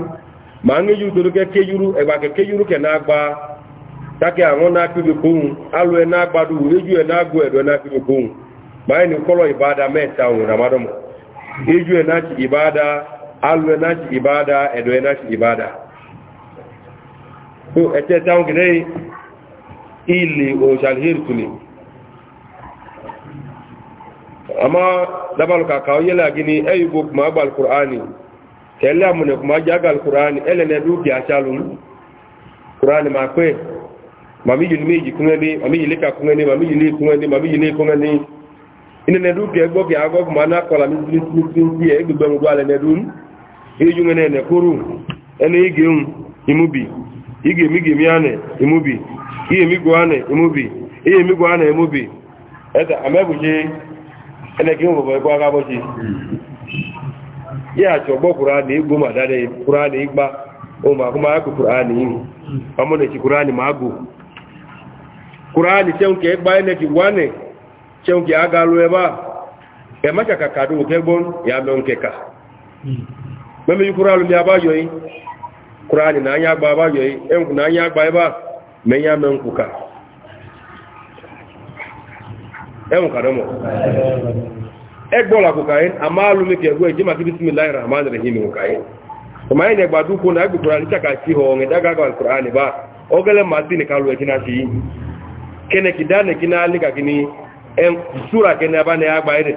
S1: ma ń yíjú torí kéjúrú ẹgbà kéjúrú kẹ náà gba tákẹ àwọn náà fi bí kóhun alò ẹ náà alwe na ci ibada edoye na ci ibada to ete taun o shalhir tuli amma dabal ka kawo yela gini ayyubu kuma ba alqur'ani kella mun kuma jaga alqur'ani ele ne duki a shalun qur'ani ma kwe mami yuni meji kungani mami yili ka kungani mami yili kungani mami yili kungani ina ne duki egbo ki ago kuma na kola mi mi mi eju nwere ne kuru ene ige igem imubi igem igem yane imubi igem ane, imubi igem igwane imubi eta amebuje ene ki ngo boy kwa gaboji ya cho bo qur'ani igbo ma dade qur'ani igba o ma kuma ku qur'ani amo ne ki qur'ani magu qur'ani chenke igba ene ki gwane chenke agalu eba e macha kakadu ke gbon ya nke ka. meme ikwu alụ ndị abaghị kwụrụ anyị na anya agba abaghị enwekwu na anya agba ebe a ma ihe ame nkwụ ka egbọla a ka anyị ama alụ meke egwe eji ka na kene kidane kina alika kini en sura kene abane agba ire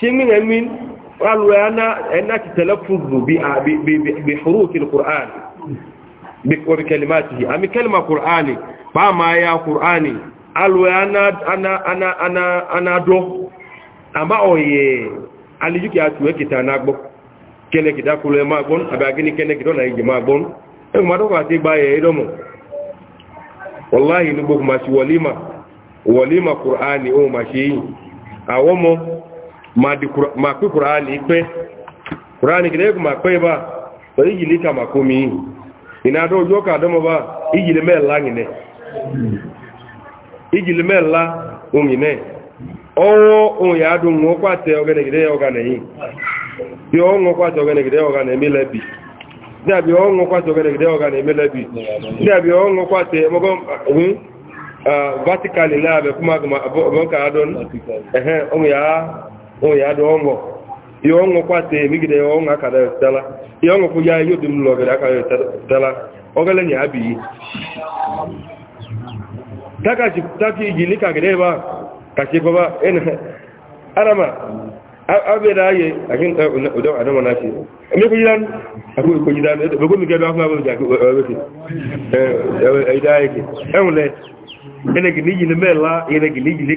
S1: شمين أمين قالوا أنا أنك تلفظ بحروف القرآن وبكلماته أمي كلمة قرآني فما يا قرآني قالوا أنا أنا أنا أنا أنا دو أما أوي alijuki atuwe kitanagbo kene kidakule magbon abagini kene kidona ije magbon e ma doko ati gbaye idomo wallahi nubo ma si walima walima qur'ani o ma shi awomo ma kpe ikpe kurani gida egwu ma kpe ebe ka ma komi ị na-ada ojú ọka adọmọba ijili mela ngine ijili mela ongine ọwọ onye adụ nwụkwate ogenegide ya ọganeyi bi ọ nwụkwate ogenegide ya ọgane emelebi ndị abịa ya ndị abịa ah, nwụ vatikali na abịa kuma adọ ehe ya onye adụ ọṅụ ihe ọṅụ kwata emigide ya ọṅụ aka tela ihe ọṅụ kwụ ya ihe obi m lọgara aka tela ogele nya abiyi taka ji taki iji ni kagide ba kace arama abeda ye akin odo adama na ce me ko yidan aku ko yidan be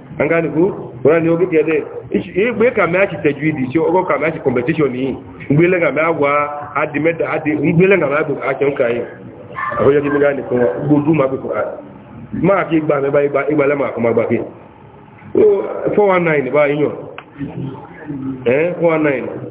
S1: an gane ku wani ne oge gede igbe ka mai aci tajwidi ce ogo ka mai aci competition yi ngbele ga mai agwa adi meda adi ngbele ga mai agwa ake nka yi
S3: akwai yadda gane
S1: kuma gudu ma bifu ma ki igba mai ba igba igba lama kuma gba ke 419 ba yi yau eh 419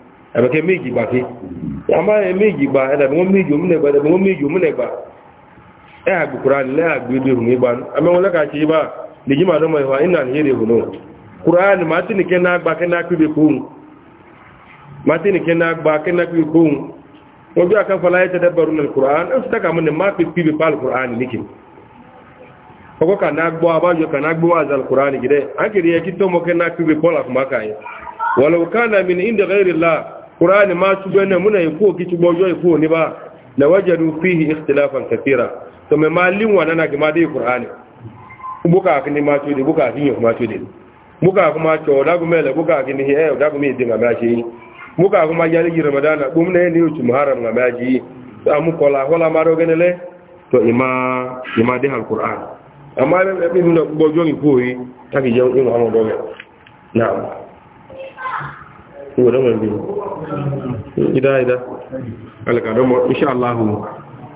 S1: ẹ̀bẹ̀kẹ́ méjì gbà kí àmá ẹ̀ méjì gbà ẹ̀dàbí wọ́n méjì òmìnàgbà ẹ̀dàbí wọ́n méjì òmìnàgbà ẹ̀ àgbùkúra nílẹ̀ àgbèdè ní máa tí nìkẹ́ náà gba kẹ́nà pípé kóhun máa tí nìkẹ́ náà gba kẹ́nà pípé kóhun wọ́n ke akáfàlá ẹ̀ tẹ́tẹ́ bẹ̀rù ní kùránì ó sì tẹ́ka mọ́ ni máa pípé pàlù ọkọ̀ kà gbọ́ abájọ kà gbọ́ àzàl gidẹ́ á kiri ẹ̀ kí tọ́mọ kẹ́nà pípé pọ́lá qur'ani ma tugo ne muna iko ki tugo yo iko ni ba la wajadu fihi ikhtilafan kathira to me malin wana na gima dai qur'ani buka kini ma tude buka hin yo ma tude buka kuma to da gume la buka kini he eh, da gume din ga maji buka kuma yali ramadana gum ne ne uci muharram ga maji amu kola hola maro genele to ima ima dai alquran amma ne bi nuna gojo ni koyi taki yau in hawo doge na'am ìwòrán wọn bí ìdá ìdá alìkàdọ́ mọ́ iṣẹ́ aláhù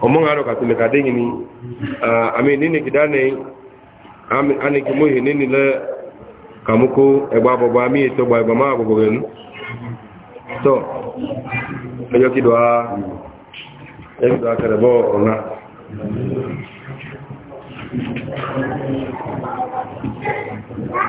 S1: ọmọ àrọ̀ kàtí lè kàdé yìí àmì nínú ìdá ní anìkì mọ́hì nínú ilẹ̀ ma ẹgbà àbọ̀bọ̀ àmì ìtọ́gbà
S3: ẹgbà máa